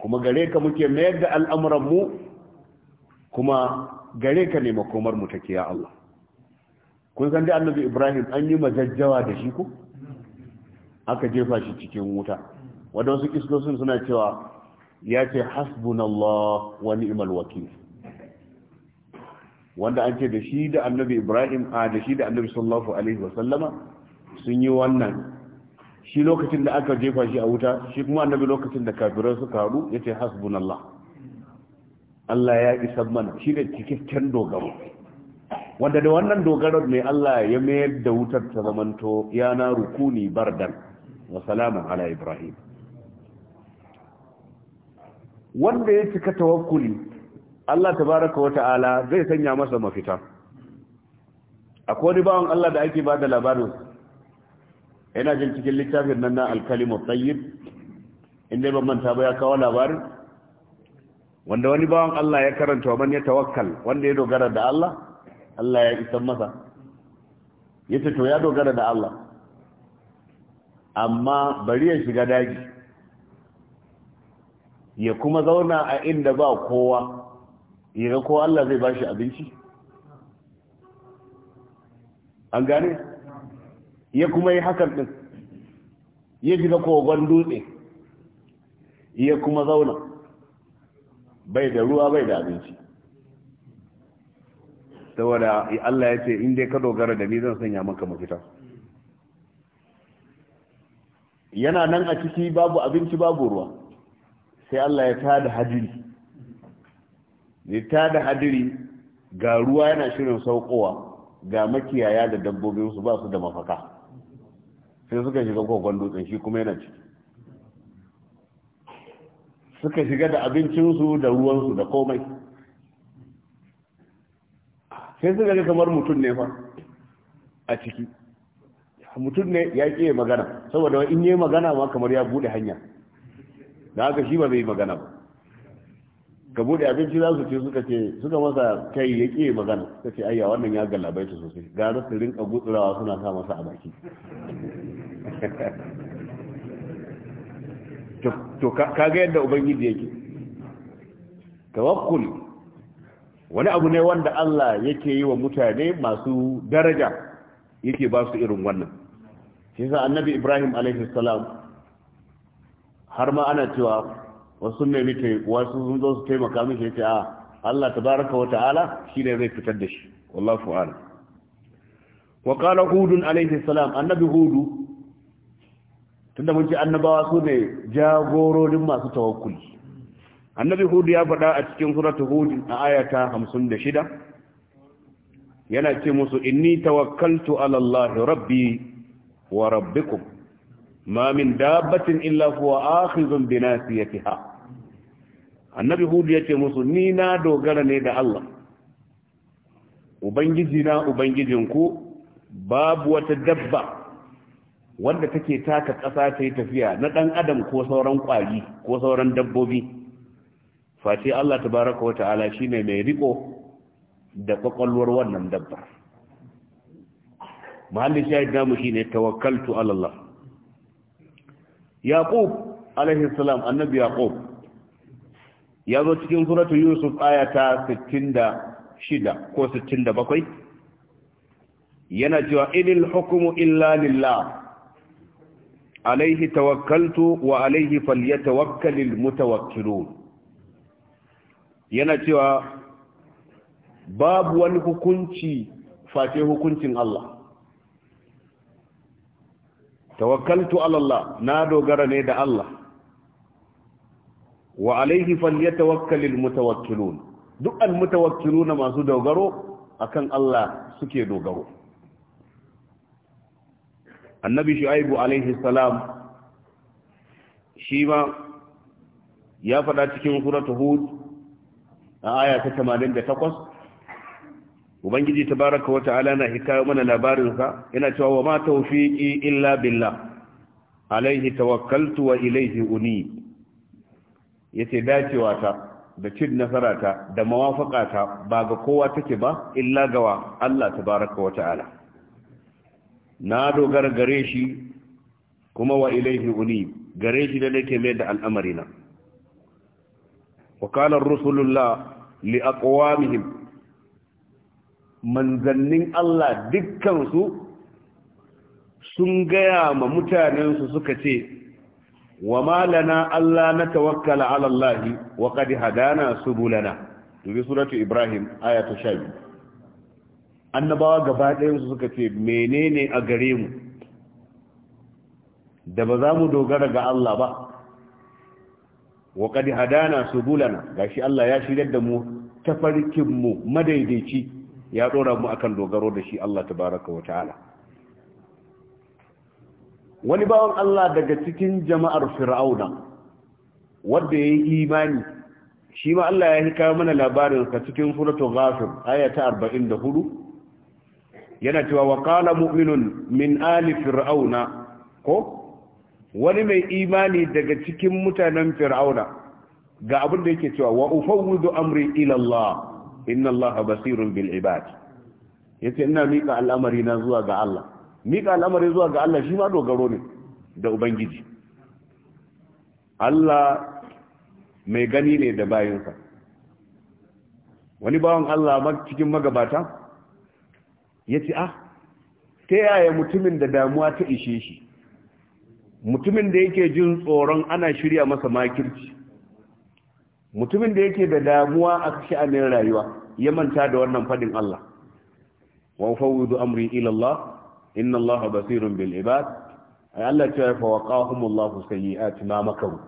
kuma gare ka muke mayar da al'amuranmu, kuma gare ka ne makomar mu take ya allah kun san da annabi ibrahim an yi majajjawa da shi ko aka jefa shi cikin wuta wadda wasu kiskosin suna cewa ya ce hasbunallah wa ni'mal wakil wanda an ce da shi da annabi ibrahim a da shi da annabi sallallahu alaihi wa sallama sun yi wannan shi lokacin da aka jefa shi a wuta shi kuma annabi lokacin da kafirai suka haru ya ce hasbunallah Allah ya isa mana shi da cikakken dogaro wanda da wannan dogarar mai Allah ya mayar da wutar ta zamanto ya na rukuni bardan wa salamun ala ibrahim wanda ya cika tawakkuli Allah tabaraka wa ta'ala zai sanya masa mafita akwai wani bawan Allah da ake bada labarin yana jin cikin littafin nan na alkalimu tsayyib inda ban manta ba ya kawo labarin wanda wani bawan Allah ya karanta wa man ya tawakkal wanda ya dogara da Allah Allah ya isan masa ya ce to ya dogara da Allah amma bari ya shiga daji ya kuma zauna a inda ba kowa ya ko Allah zai bashi abinci an gane ya kuma yi hakan din ya shiga kogon dutse ya kuma zauna bai da ruwa bai da abinci saboda Allah ya ce in dai ka dogara da ni zan sanya maka mafita yana nan a ciki babu abinci babu ruwa sai Allah ya tada hadiri ya tada hadiri ga ruwa yana shirin saukowa ga makiyaya da dabbobinsu ba su da mafaka sai suka shiga kokon dutsen shi kuma yana ciki suka shiga da abincinsu da ruwansu da komai sai suka ga kamar mutum ne fa a ciki mutum ne ya ƙi magana saboda in yi magana ma kamar ya bude hanya da haka shi ba zai magana ba ka bude abinci za su ce suka ce suka masa kai ya ƙi magana suka ce ayya wannan ya ta sosai gara su rinka gutsurawa suna sa masa a baki to kaga yadda ubangiji yake tawakkul wani abu ne wanda Allah yake yi wa mutane masu daraja yake ba su irin wannan shi sa annabi Ibrahim alaihi salam har ma ana cewa wasu ne nake wasu sun zo su taimaka mishi yace a ah, Allah tabaraka wa ta'ala shi ne zai fitar da shi wallahi a'lam wa qala hud alaihi salam annabi hud tunda mun ce annabawa su ne jagororin masu tawakkuli annabi hudu ya faɗa a cikin suratu hudu a ayata hamsin da shida yana ce musu inni tawakkaltu ala Allah rabbi wa rabbikum ma min dabbatin illa huwa akhizun bi nasiyatiha annabi hudu ya ce musu ni na dogara ne da Allah ubangiji na ubangijin ku? babu wata dabba wanda take taka ƙasa ta yi tafiya na ɗan adam ko sauran kwari ko sauran dabbobi face Allah tabaraka wa ta'ala shine mai riko da kwakwalwar wannan dabba. mahallin shahid namu shine tawakkaltu ala Allah yaqub alaihi salam annabi yaqub ya zo cikin suratul yusuf aya ta 66 ko 67 yana cewa inil hukmu illa lillah alaihi tawakkaltu wa alaihi falyatawakkalul mutawakkilun yana cewa babu wani hukunci face hukuncin Allah tawakkaltu ala Allah na dogara ne da Allah wa alaihi falyatawakkalul mutawakkilun duk al mutawakkiluna masu dogaro akan Allah suke dogaro annabi shu'aibu alaihi salam shi ma ya faɗa cikin suratu hud a aya ta 88 ubangiji tabaraka wa ta'ala na hita mana labarin sa yana cewa wa ma tawfiqi illa billah alaihi tawakkaltu wa ilaihi uni yace dacewa ta da cin nasara ta da mawafaka ta ba ga kowa take ba illa gawa Allah tabaraka wa ta'ala na dogara gare shi kuma wa ilaihi uni gare shi da nake mai da al'amarina wa qala rasulullah li aqwamihim manzannin Allah dukkansu sun gaya ma mutanensu su suka ce wa malana Allah na tawakkala ala Allah wa qad hadana subulana dubi suratu Ibrahim aya ta 12 annabawa gaba ɗayan suka ce menene a gare mu da ba za mu dogara ga Allah ba wa qad hadana subulana gashi Allah ya shirye da mu tafarkin mu madaidaici ya dora mu akan dogaro da shi Allah tabaraka wa ta'ala wani bawan Allah daga cikin jama'ar fir'auna wanda yayi imani shi ma Allah ya hikaya mana labarin ka cikin suratul ghafir aya ta 44 yana cewa wa qala mu'minun min ali fir'auna ko wani mai imani daga cikin mutanen fir'auna ga abin da yake cewa wa ufawwidu amri ila Allah inna Allah basirun bil ibad yace ina mika al'amari na zuwa ga Allah mika al'amari zuwa ga Allah shi ma dogaro ne da ubangiji Allah mai gani ne da bayinsa wani bawan Allah cikin magabata yace ah ta yaya mutumin da damuwa ta ishe shi mutumin da yake jin tsoron ana shirya masa makirci mutumin da yake da damuwa a sha'anin rayuwa ya manta da wannan fadin Allah wa fawwidu amri ila Allah inna Allah basirun bil ibad ay Allah ta fa waqahum Allah sayiat ma makaru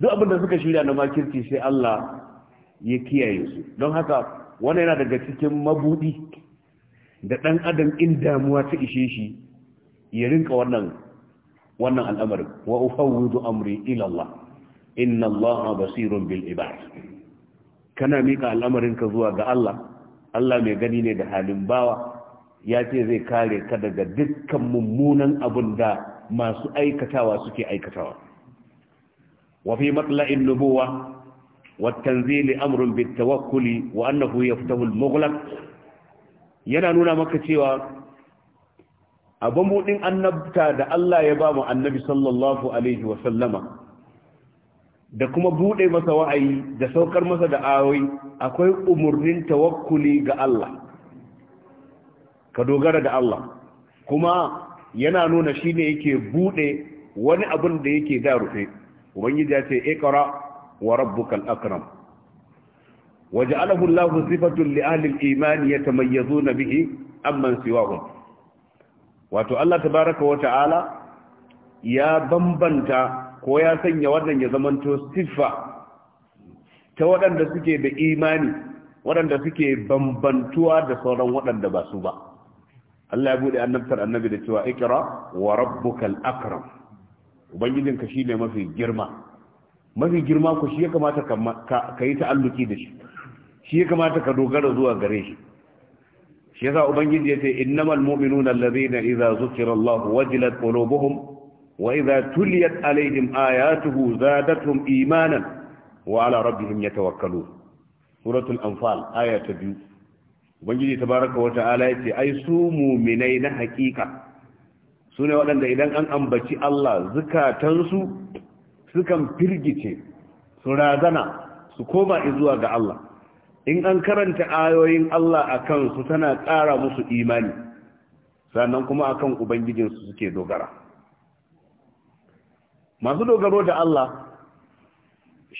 duk abin da suka shirya na makirci sai Allah ya kiyaye su don haka wannan yana daga cikin mabudi da dan adam in damuwa ta ishe shi ya rinka wannan wannan al'amarin wa ufawwidu amri ila Allah inna Allah basirun bil ibad kana mika al'amarin ka zuwa ga Allah Allah mai gani ne da halin bawa ya ce zai kare ka daga dukkan mummunan abin da masu aikatawa suke aikatawa wa fi matla'in nubuwa wa tanzili amrun bit tawakkuli wa annahu yaftahu al-mughlaq yana nuna maka cewa Aban buɗin annabta da Allah ya ba mu annabi sallallahu alaihi wa sallama da kuma buɗe masa wa'ayi da saukar masa da ayoyi akwai umurnin tawakkuli ga Allah ka dogara da Allah kuma yana nuna shine yake buɗe wani abin da yake da rufe wani ya ce iqra wa rabbukal akram waja'alahu Allahu sifatan li ahli al-iman yatamayyazuna bihi amman siwahum wato Allah Ta baraka wa ta'ala ya bambanta ko ya sanya wannan ya zamanto siffa ta waɗanda suke da imani waɗanda suke bambantuwa da sauran waɗanda ba su ba Allah ya bude annabtar annabi da cewa ikra wa rabbukal akram ubangijinka shine mafi girma mafi girma ku shi ya kamata ka yi ta'alluki da shi shi ya kamata ka dogara zuwa gare shi shi yasa ubangiji yace innamal mu'minuna allazina idza zukira Allah wajilat qulubuhum wa idza tuliyat alaihim ayatuhu zadatuhum imanan wa ala rabbihim yatawakkalun suratul anfal aya ta biyu ubangiji tabaraka wa ta'ala yace ai su mu'minai na hakika su ne waɗanda idan an ambaci Allah zukatansu sukan firgice su razana su koma zuwa ga Allah in an karanta ayoyin Allah a kansu tana ƙara musu imani sannan kuma a kan ubangijinsu suke dogara masu dogaro da Allah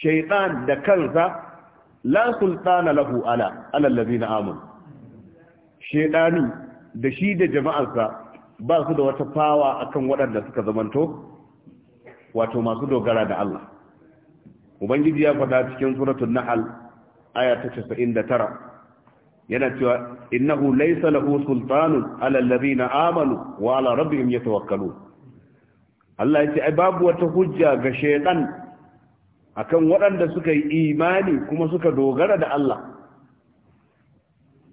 shaitan da kansa la sultana lahu ala alallazi na amun shaitani da shi da jama'arsa ba su da wata fawa a kan waɗanda suka zamanto wato masu dogara da Allah ubangiji ya faɗa cikin suratun na'al aya ta 99 yana cewa innahu laysa lahu sultanun ala alladhina amanu wa ala rabbihim yatawakkalun Allah yace a ai babu wata hujja ga shaytan akan waɗanda suka yi imani kuma suka dogara da Allah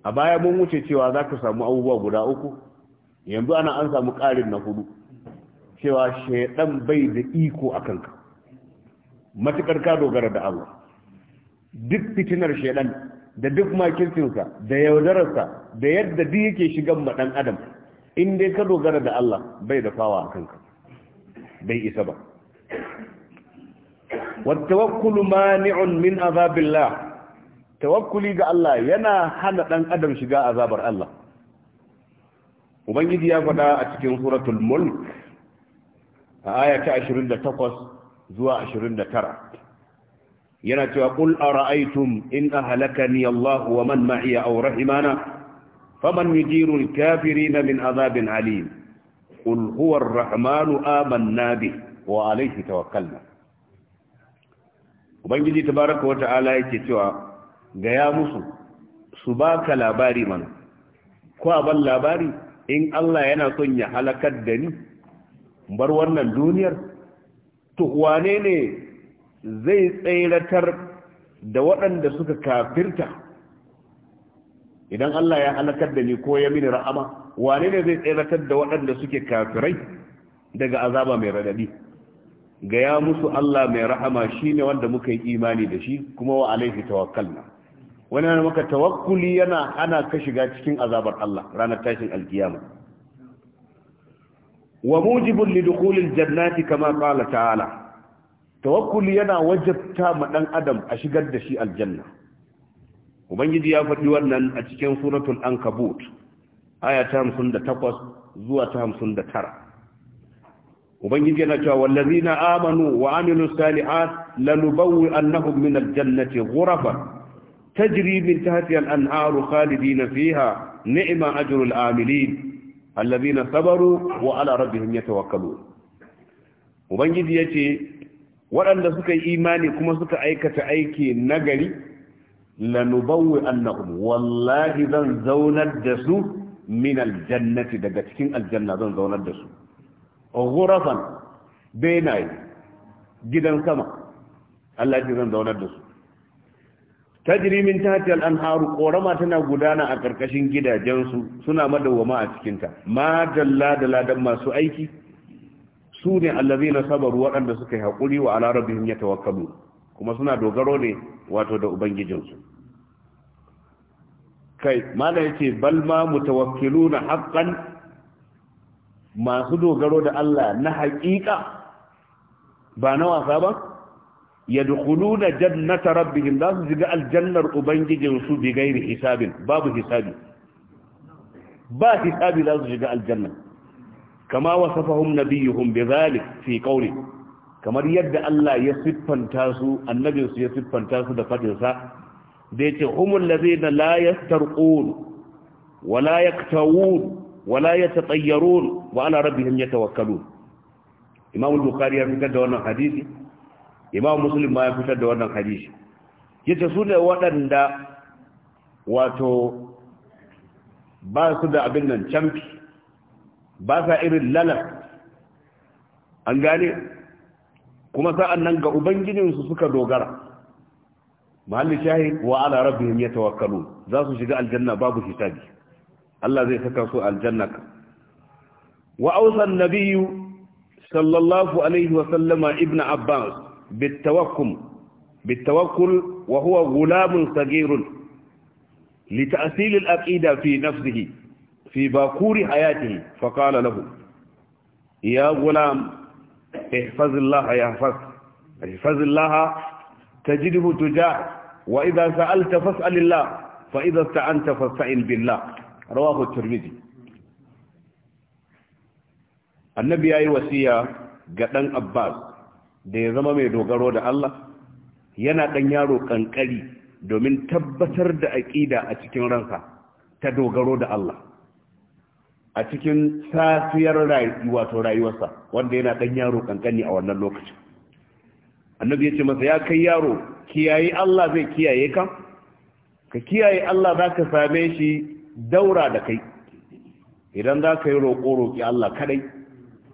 a baya mun wuce cewa za ka samu abubuwa guda uku yanzu ana an samu ƙarin na hudu cewa shaidan bai da iko a kanka matuƙar ka dogara da Allah duk fitinar shedan da duk makircinsa da yaudararsa da yadda duk yake shigan ma adam in dai ka dogara da Allah bai da fawa a kanka bai isa ba والتوكل مانع من عذاب tawakkuli ga Allah yana hana ɗan adam shiga azabar Allah ubangiji ya faɗa a cikin suratul mulk a aya ta 28 zuwa 29 yana cewa a ra'aitun in ni Allah wa man ma'iya aw rahimana faman yujiru al-kafirin min azabin alim qul huwa rahmanu Aman Na'bi wa alayhi tawakkalna ubangiji tabaraka wa ta'ala yake cewa gaya musu su baka labari mana ko ban labari in Allah yana son ya halakar da ni bar wannan duniyar to wane ne zai tsairatar da waɗanda suka kafirta idan Allah ya halakar da ni ko ya mini ra'ama wane ne zai tseratar da waɗanda suke kafirai daga azaba mai radadi gaya musu Allah mai rahama ne wanda muka yi imani da shi kuma wa alaihi tawakkalna wani yana maka tawakkuli yana ana ka shiga cikin azabar Allah ranar tashin alkiyama wa mujibun li jannati kama qala ta'ala tawakkuli yana wajabta ma dan adam a shigar da shi aljanna ubangiji ya faɗi wannan a cikin suratul ankabut aya ta 58 zuwa ta 59 ubangiji yana cewa wallazina amanu wa amilus salihat lanubawwi annahum min aljannati ghurafan تجري من تحتها الأنهار خالدين فيها نعم أجر العاملين الذين صبروا وعلى ربهم يتوكلون وبنجد يتي waɗanda suka yi imani kuma suka aikata aiki nagari lanubawwi annahum wallahi zan zaunar da su min aljannati daga cikin aljanna zan zaunar da su ghurafan benaye gidan sama Allah ya zan zaunar da su tajri min tahti al-anharu qorama tana gudana a karkashin gidajensu suna madawwama a cikinta ma dalla ladan masu aiki su ne allazina sabaru waɗanda suka yi haƙuri wa ala ya yatawakkalu kuma suna dogaro ne wato da ubangijinsu kai mala yace bal ma na hakan? masu dogaro da Allah na haƙiƙa ba na wasa ba Ya yadkhuluna jannata rabbihim za su shiga aljannar ubangijinsu bi gairi hisabin babu hisabi ba hisabi za su shiga aljanna kama wasafahum nabiyuhum bidhalik fi qawli kamar yadda Allah ya siffanta su annabinsu ya siffanta su da fadin sa da yace humul ladina la yastarqun wala yaktawun wala yatatayyarun wa ala rabbihim yatawakkalun Imam Bukhari ya fitar da wannan hadisi Imam Muslim ma ya fitar da wannan hadisi yace su ne waɗanda wato ba su da abin nan camfi ba sa irin lalar an gane kuma sa'an nan ga ubangijinsu suka dogara mahallin shahid wa ala rabbihim yatawakkalun za su shiga aljanna babu hisabi Allah zai saka su aljanna wa awsa an sallallahu alaihi wa sallama ibn abbas bitawakkul bitawakkul wa huwa gulamun saghirun لتأثيل الأقيدة في نفسه في باكور حياته فقال له يا غلام احفظ الله يحفظ احفظ الله تجده تجاه وإذا سألت فاسأل الله فإذا استعنت فاستعن بالله annabi ya yi wasiya ga ɗan abbas da ya zama mai dogaro da allah yana ɗan yaro ƙanƙari domin tabbatar da aƙida a cikin ransa ta dogaro da allah a cikin safiyar wato rayuwarsa wanda yana ɗan yaro kankani a wannan lokacin annabi ya ce masa ya kai yaro kiyaye Allah zai kiyaye ka ka kiyaye Allah za ka same shi daura da kai idan za ka yi roƙo roƙi Allah kaɗai,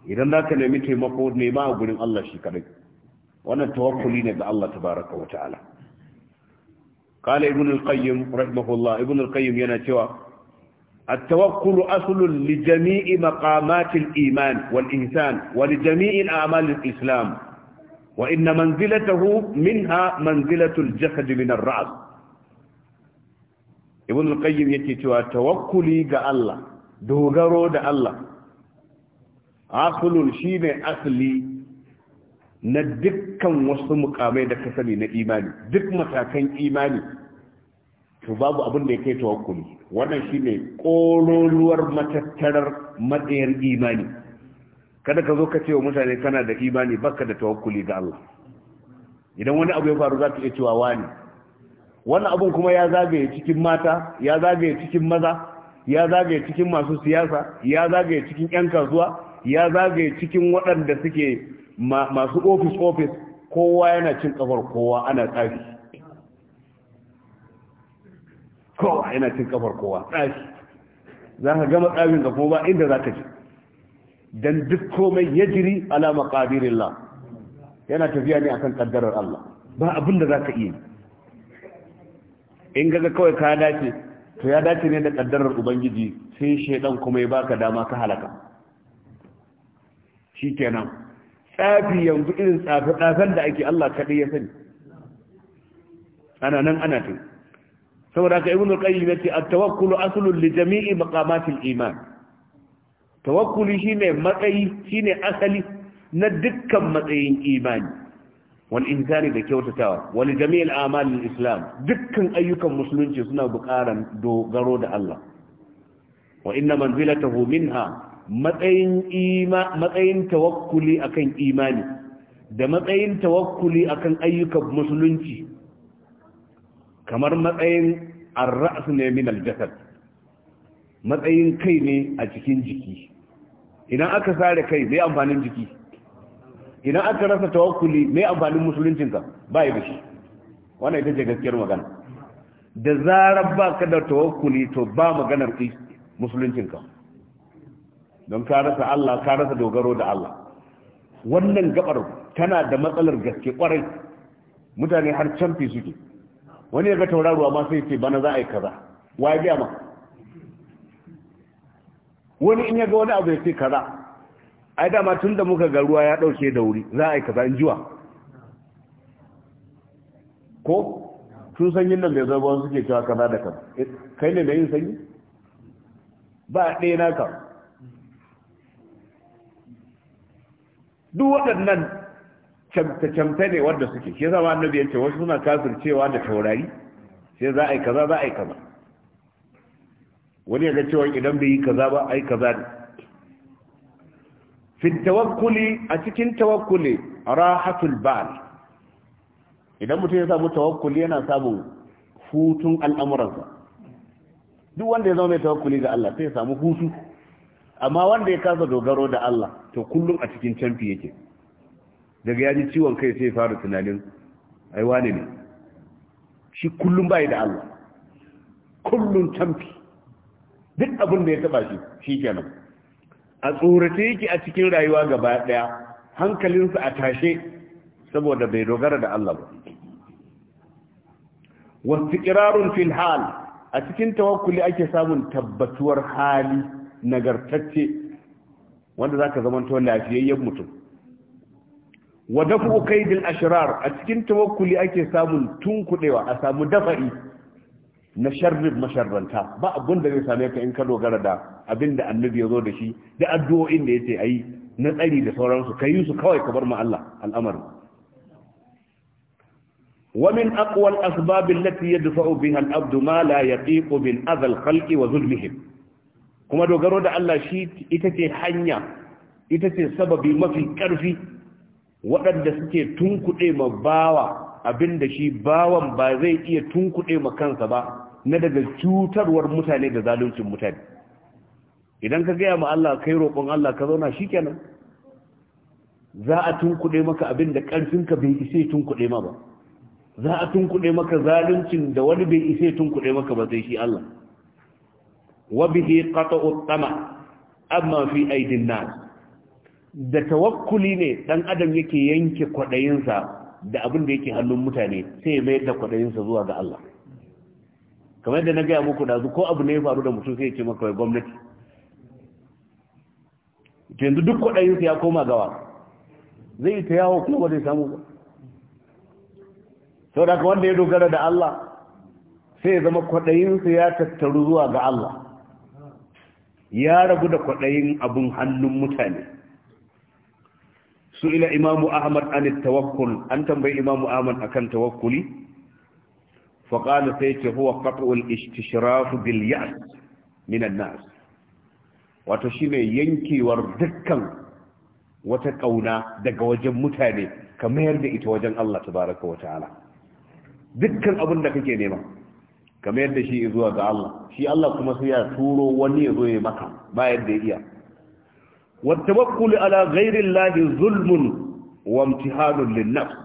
idan za ka nemi taimako nema a gurin Allah shi kadai wannan tawakkuli ne ga Allah tabaraka wa ta'ala qala ibn al-qayyim rahimahullah ibn al-qayyim yana cewa التوكل أصل لجميع مقامات الإيمان والإنسان ولجميع الأعمال الإسلام وإن منزلته منها منزلة الجسد من الرأس ابن القيم يكتوى توكلي ga الله دوغرو دا الله أصل الشيء أصلي ندك كم وصل مقامي da ka sani na imani duk إيماني to babu abin da ya kai tawakkuli wannan shine kololuwar matattarar matsayar imani kada ka zo ka ce wa mutane kana da imani baka da tawakkuli ga Allah idan wani abu ya faru za ka iya cewa wani wannan abun kuma ya zagaye cikin mata ya zagaye cikin maza ya zagaye cikin masu siyasa ya zagaye cikin 'yan kasuwa ya zagaye cikin waɗanda suke masu ofis-ofis kowa yana cin kafar kowa ana tsafi kowa yana cin kafar kowa tsafi za ka gama tsafin ga kowa inda za ka ji dan duk komai ya jiri ala la yana tafiya ne akan kaddarar Allah ba abin da za ka iya in gaga kawai ka dace to ya dace ne da kaddarar ubangiji sai shaidan kuma ya baka dama ka halaka shi kenan tsafi yanzu irin tsafe-tsafen da ake Allah kaɗai ya sani ana nan ana tafi saboda ka ibnu qayyim yace at-tawakkulu aslun li jami'i maqamatil iman tawakkuli shine matsayi shine asali na dukkan matsayin imani wal insani da kyautatawa wal jami'il a'malil islam dukkan ayyukan musulunci suna buƙaran dogaro da Allah wa inna manzilatahu minha matsayin ima matsayin tawakkuli akan imani da matsayin tawakkuli akan ayyukan musulunci kamar matsayin ar rasu ne min al-jasad matsayin kai ne a cikin jiki idan aka sare kai mai amfanin jiki idan aka rasa tawakkuli mai amfanin musuluncinka bai ya shi wannan ita ce gaskiyar magana da zarar ba ka da tawakkuli to ba maganar musuluncinka don ka rasa Allah ka rasa dogaro da Allah wannan gabar tana da matsalar gaske kwarai mutane har canfi suke wani ya ga tauraruwa ma sai ce bana za a yi kaza wa ya ma wani in ya ga wani abu ya ce kaza ai dama tun da muka ga ruwa ya ɗauke da wuri za a yi kaza in jiwa ko tun sanyin nan da zarba suke cewa kaza da kaza eh, kai ne da yin sanyi ba ɗaya naka duk waɗannan camta-camta ne wanda suke shi zama annabi yace wasu suna cewa da taurari sai za a yi kaza za a yi kaza wani ya ga cewa idan bai yi kaza ba ai kaza ne fi tawakkuli a cikin tawakkuli rahatul bal idan mutum ya samu tawakkuli yana samun hutun al'amuransa duk wanda ya zama mai tawakkuli ga Allah sai ya samu hutu amma wanda ya kasa dogaro da Allah to kullum a cikin canfi yake daga ya ji ciwon kai sai fara tunanin ai wane ne shi kullum bai da Allah kullum tamfi duk abin da ya taba shi shi kenan a tsorace yake a cikin rayuwa gaba daya hankalinsa a tashe saboda bai dogara da Allah ba Wasu fil hal a cikin tawakkuli ake samun tabbatuwar hali nagartacce wanda zaka zama to lafiyayyen mutum wa dafu kaidil ashrar a cikin tawakkuli ake samun tunkudewa a samu dafa'i na sharrin masharranta ba abin da zai same ka in ka dogara da abin da annabi ya zo da shi da addu'o'in da a ayi na tsari da sauransu ka yi su kawai ka bar ma Allah al'amarin wa min aqwal asbab allati yadfa'u biha al-abd ma la yaqiqu bil adha khalqi wa zulmihim kuma dogaro da Allah shi ita ce hanya ita ce sababi mafi karfi waɗanda suke tunkuɗe ma bawa abin da shi bawan ba zai iya tunkuɗe ma kansa ba na daga cutarwar mutane da zaluncin mutane idan ka gaya ma Allah kai roƙon Allah ka zauna shi kenan za a tunkuɗe maka abin da ƙarfinka bai isa tunkuɗe ma ba za a tunkuɗe maka zaluncin da wani bai isa tunkuɗe maka ba zai shi Allah wa bihi qata'u tama amma fi aidin nas da tawakkuli ne dan adam yake yanke kwadayinsa da abin da yake hannun mutane sai ya mayar da kwadayinsa zuwa ga Allah kamar da na gaya muku da ko abu ne ya faru da mutum sai ya ce maka gwamnati yanzu duk kwadayinsa ya koma gawa zai yi ta yawo kuma ba zai samu ba sau da wanda ya dogara da Allah sai ya zama kwadayinsa ya tattaru zuwa ga Allah ya rabu da kwaɗayin abin hannun mutane su ila imamu ahmad an tawakkul an tambayi imamu ahmad akan tawakkuli fa qala sai ce huwa qat'u al bil ya's min an-nas wato shine yankewar dukkan wata kauna daga wajen mutane ka mayar da ita wajen Allah tabaraka wa ta'ala dukkan abin da kake nema ka yadda shi zuwa ga Allah shi Allah kuma sai ya turo wani ya zo ya maka ba yadda ya iya والتوكل على غير الله ظلم وامتحان للنفس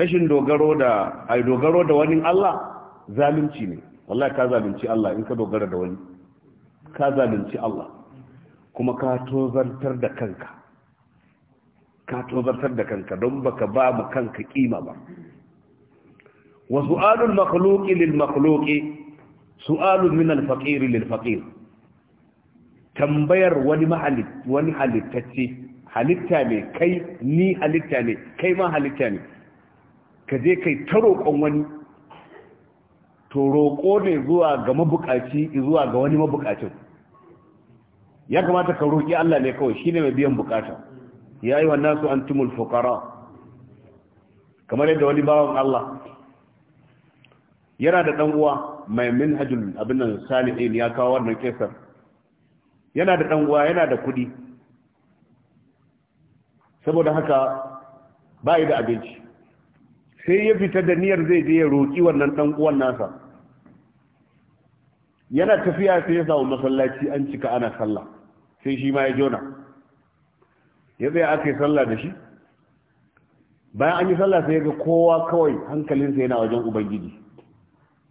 rashin dogaro da ai dogaro da wani Allah zalunci ne wallahi ka zalunci Allah in ka dogara da wani ka zalunci Allah kuma ka tozartar da kanka ka tozartar da kanka don baka ba mu kanka kima ba wa su'alul makhluqi lil makhluqi su'alun min al faqir lil faqir tambayar wani mahalit halittacce halitta ne kai ni halitta ne kai ma halitta ne ka je kai ta roƙon wani to roƙo ne zuwa ga mabukaci zuwa ga wani mabukacin ya kamata ka roƙi Allah ne kawai shine mai biyan bukata ya yi wannan su antumul fukara. kamar yadda wani bawan Allah yana da ɗan uwa mai minhajul abin nan salihin ya kawo wannan kesar yana da ɗan'uwa yana da kuɗi saboda haka bayi da abinci sai ya fita da niyyar zai je ya roƙi wannan ɗanguwan nasa yana tafiya sai ya samu masallaci an cika ana sallah sai shi ma ya jona ya tsaya aka yi sallah da shi bayan an yi sallah sai ya ga kowa kawai hankalinsa yana wajen ubangiji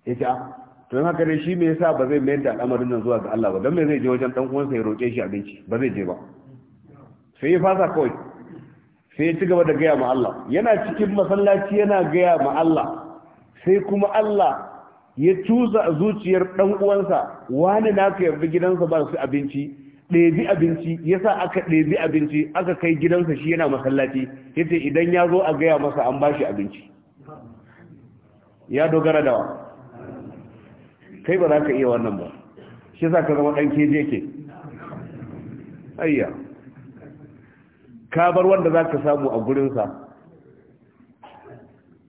ya ce ah, don haka ne shi me yasa ba zai mayar da al'amarin nan zuwa ga Allah ba don me zai je wajen dan uwansa ya roke shi abinci ba zai je ba sai ya fasa kawai sai ya ci gaba da gaya ma Allah yana cikin masallaci yana gaya ma Allah sai kuma Allah ya cusa zuciyar dan uwansa wani naka yarda gidansa ba su abinci ɗebi abinci yasa aka ɗebi abinci aka kai gidansa shi yana masallaci ya ce idan ya zo a gaya masa an ba bashi abinci ya dogara da wa kai ba za ka iya wannan ba shi za ka zama ɗan keje ke ayya ka bar wanda za ka samu a gurinsa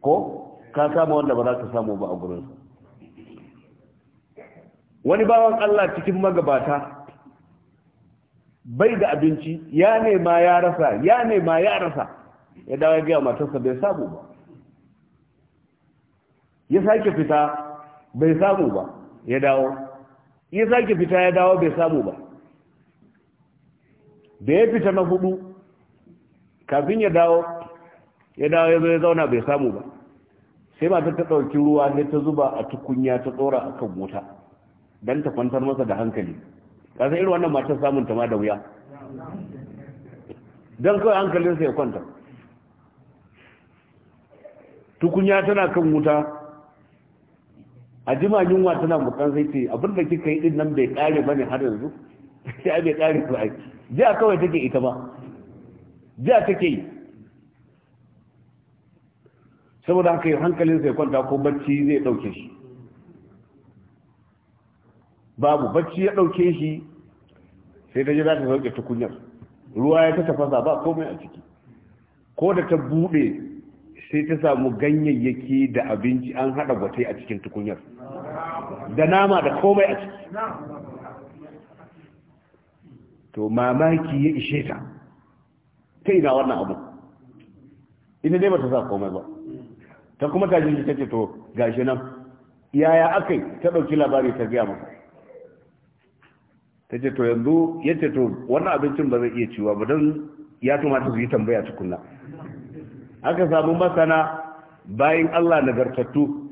ko ka samu wanda ba za ka samu ba a gurinsa wani bawan Allah cikin magabata bai da abinci ya nema ya rasa ya nema ya rasa ya dawo ya gaya matarsa bai samu ba ya sake fita bai samu ba ya dawo ya sake fita ya dawo bai samu ba da ya fita na hudu kafin ya dawo ya dawo ya zo ya zauna bai samu ba sai mata ta ɗauki ruwa ne ta zuba a tukunya ta tsora a kan wuta don ta kwantar masa da hankali kasa irin wannan matar samun ta ma da wuya don kawai hankalinsa ya kwanta tukunya tana kan wuta a jima yunwa tana mutan sai ce abin da kika yi din nan bai kare ba ne har yanzu sai bai kare ba a kawai take ita ba a take yi saboda haka yi hankalin sai kwanta ko bacci zai dauke shi babu bacci ya dauke shi sai ta ji za ta sauke tukunyar ruwa ya ta tafasa ba komai a ciki ko da ta bude sai ta samu ganyayyaki da abinci an hada gwatai a cikin tukunyar da nama da komai a ciki to mamaki ya ishe ta ta ina wannan abu ina dai bata sa komai ba ta kuma ta jin ta ce to gashi nan yaya yi ta dauki labari ta gaya maka ta ce to yanzu ya ce to wannan abincin ba zai iya ciwa ba don ya tumata su yi tambaya tukunna aka samu masana bayan Allah nagartattu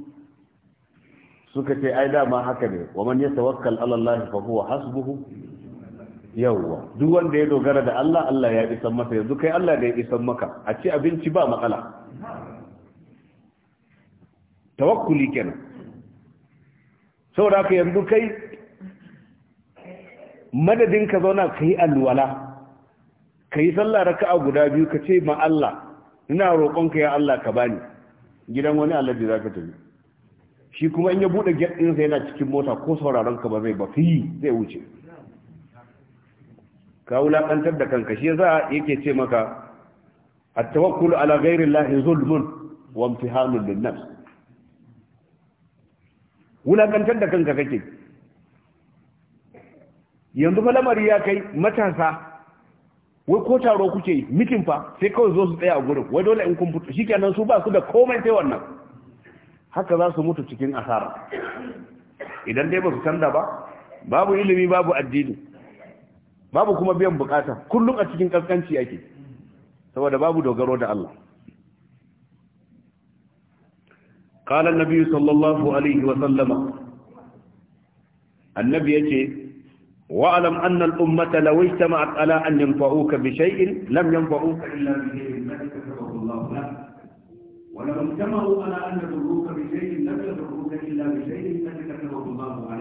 suka ce ai dama haka ne wa man yatawakkal ala Allah fa huwa hasbuhu yawwa duk wanda ya dogara da Allah Allah ya isan masa yanzu kai Allah da ya isan maka a ci abinci ba matsala tawakkuli kenan saboda ka yanzu kai madadin ka zauna ka yi alwala ka yi sallah a guda biyu ka ce ma Allah ina roƙonka ya Allah ka bani gidan wani Allah da zaka tafi shi kuma in ya buɗe gate ɗinsa yana cikin mota ko sauraron ka ba zai ba fi zai wuce ka wulaƙantar da kanka shi yasa yake ce maka at-tawakkul ala ghayri llahi zulmun wa imtihanun lin-nafs wulaƙantar da kanka kake yanzu fa lamari ya kai matasa wai ko taro kuke mitin fa sai kawai zo su tsaya a gurin wai dole in kun fito shikenan su ba su da komai sai wannan haka za su mutu cikin asara idan dai ba su canza ba babu ilimi babu addini babu kuma biyan bukata kullum a cikin kaskanci yake saboda babu dogaro da Allah qala annabi sallallahu alaihi wa sallama annabi yace wa alam na al ummata law ijtama'at ala an yanfa'uka bi shay'in lam yanfa'uka illa bi dhikri rabbika sallallahu alaihi ولو اجتمعوا على ان يضروك بشيء لم يضروك الا بشيء قد الله عليك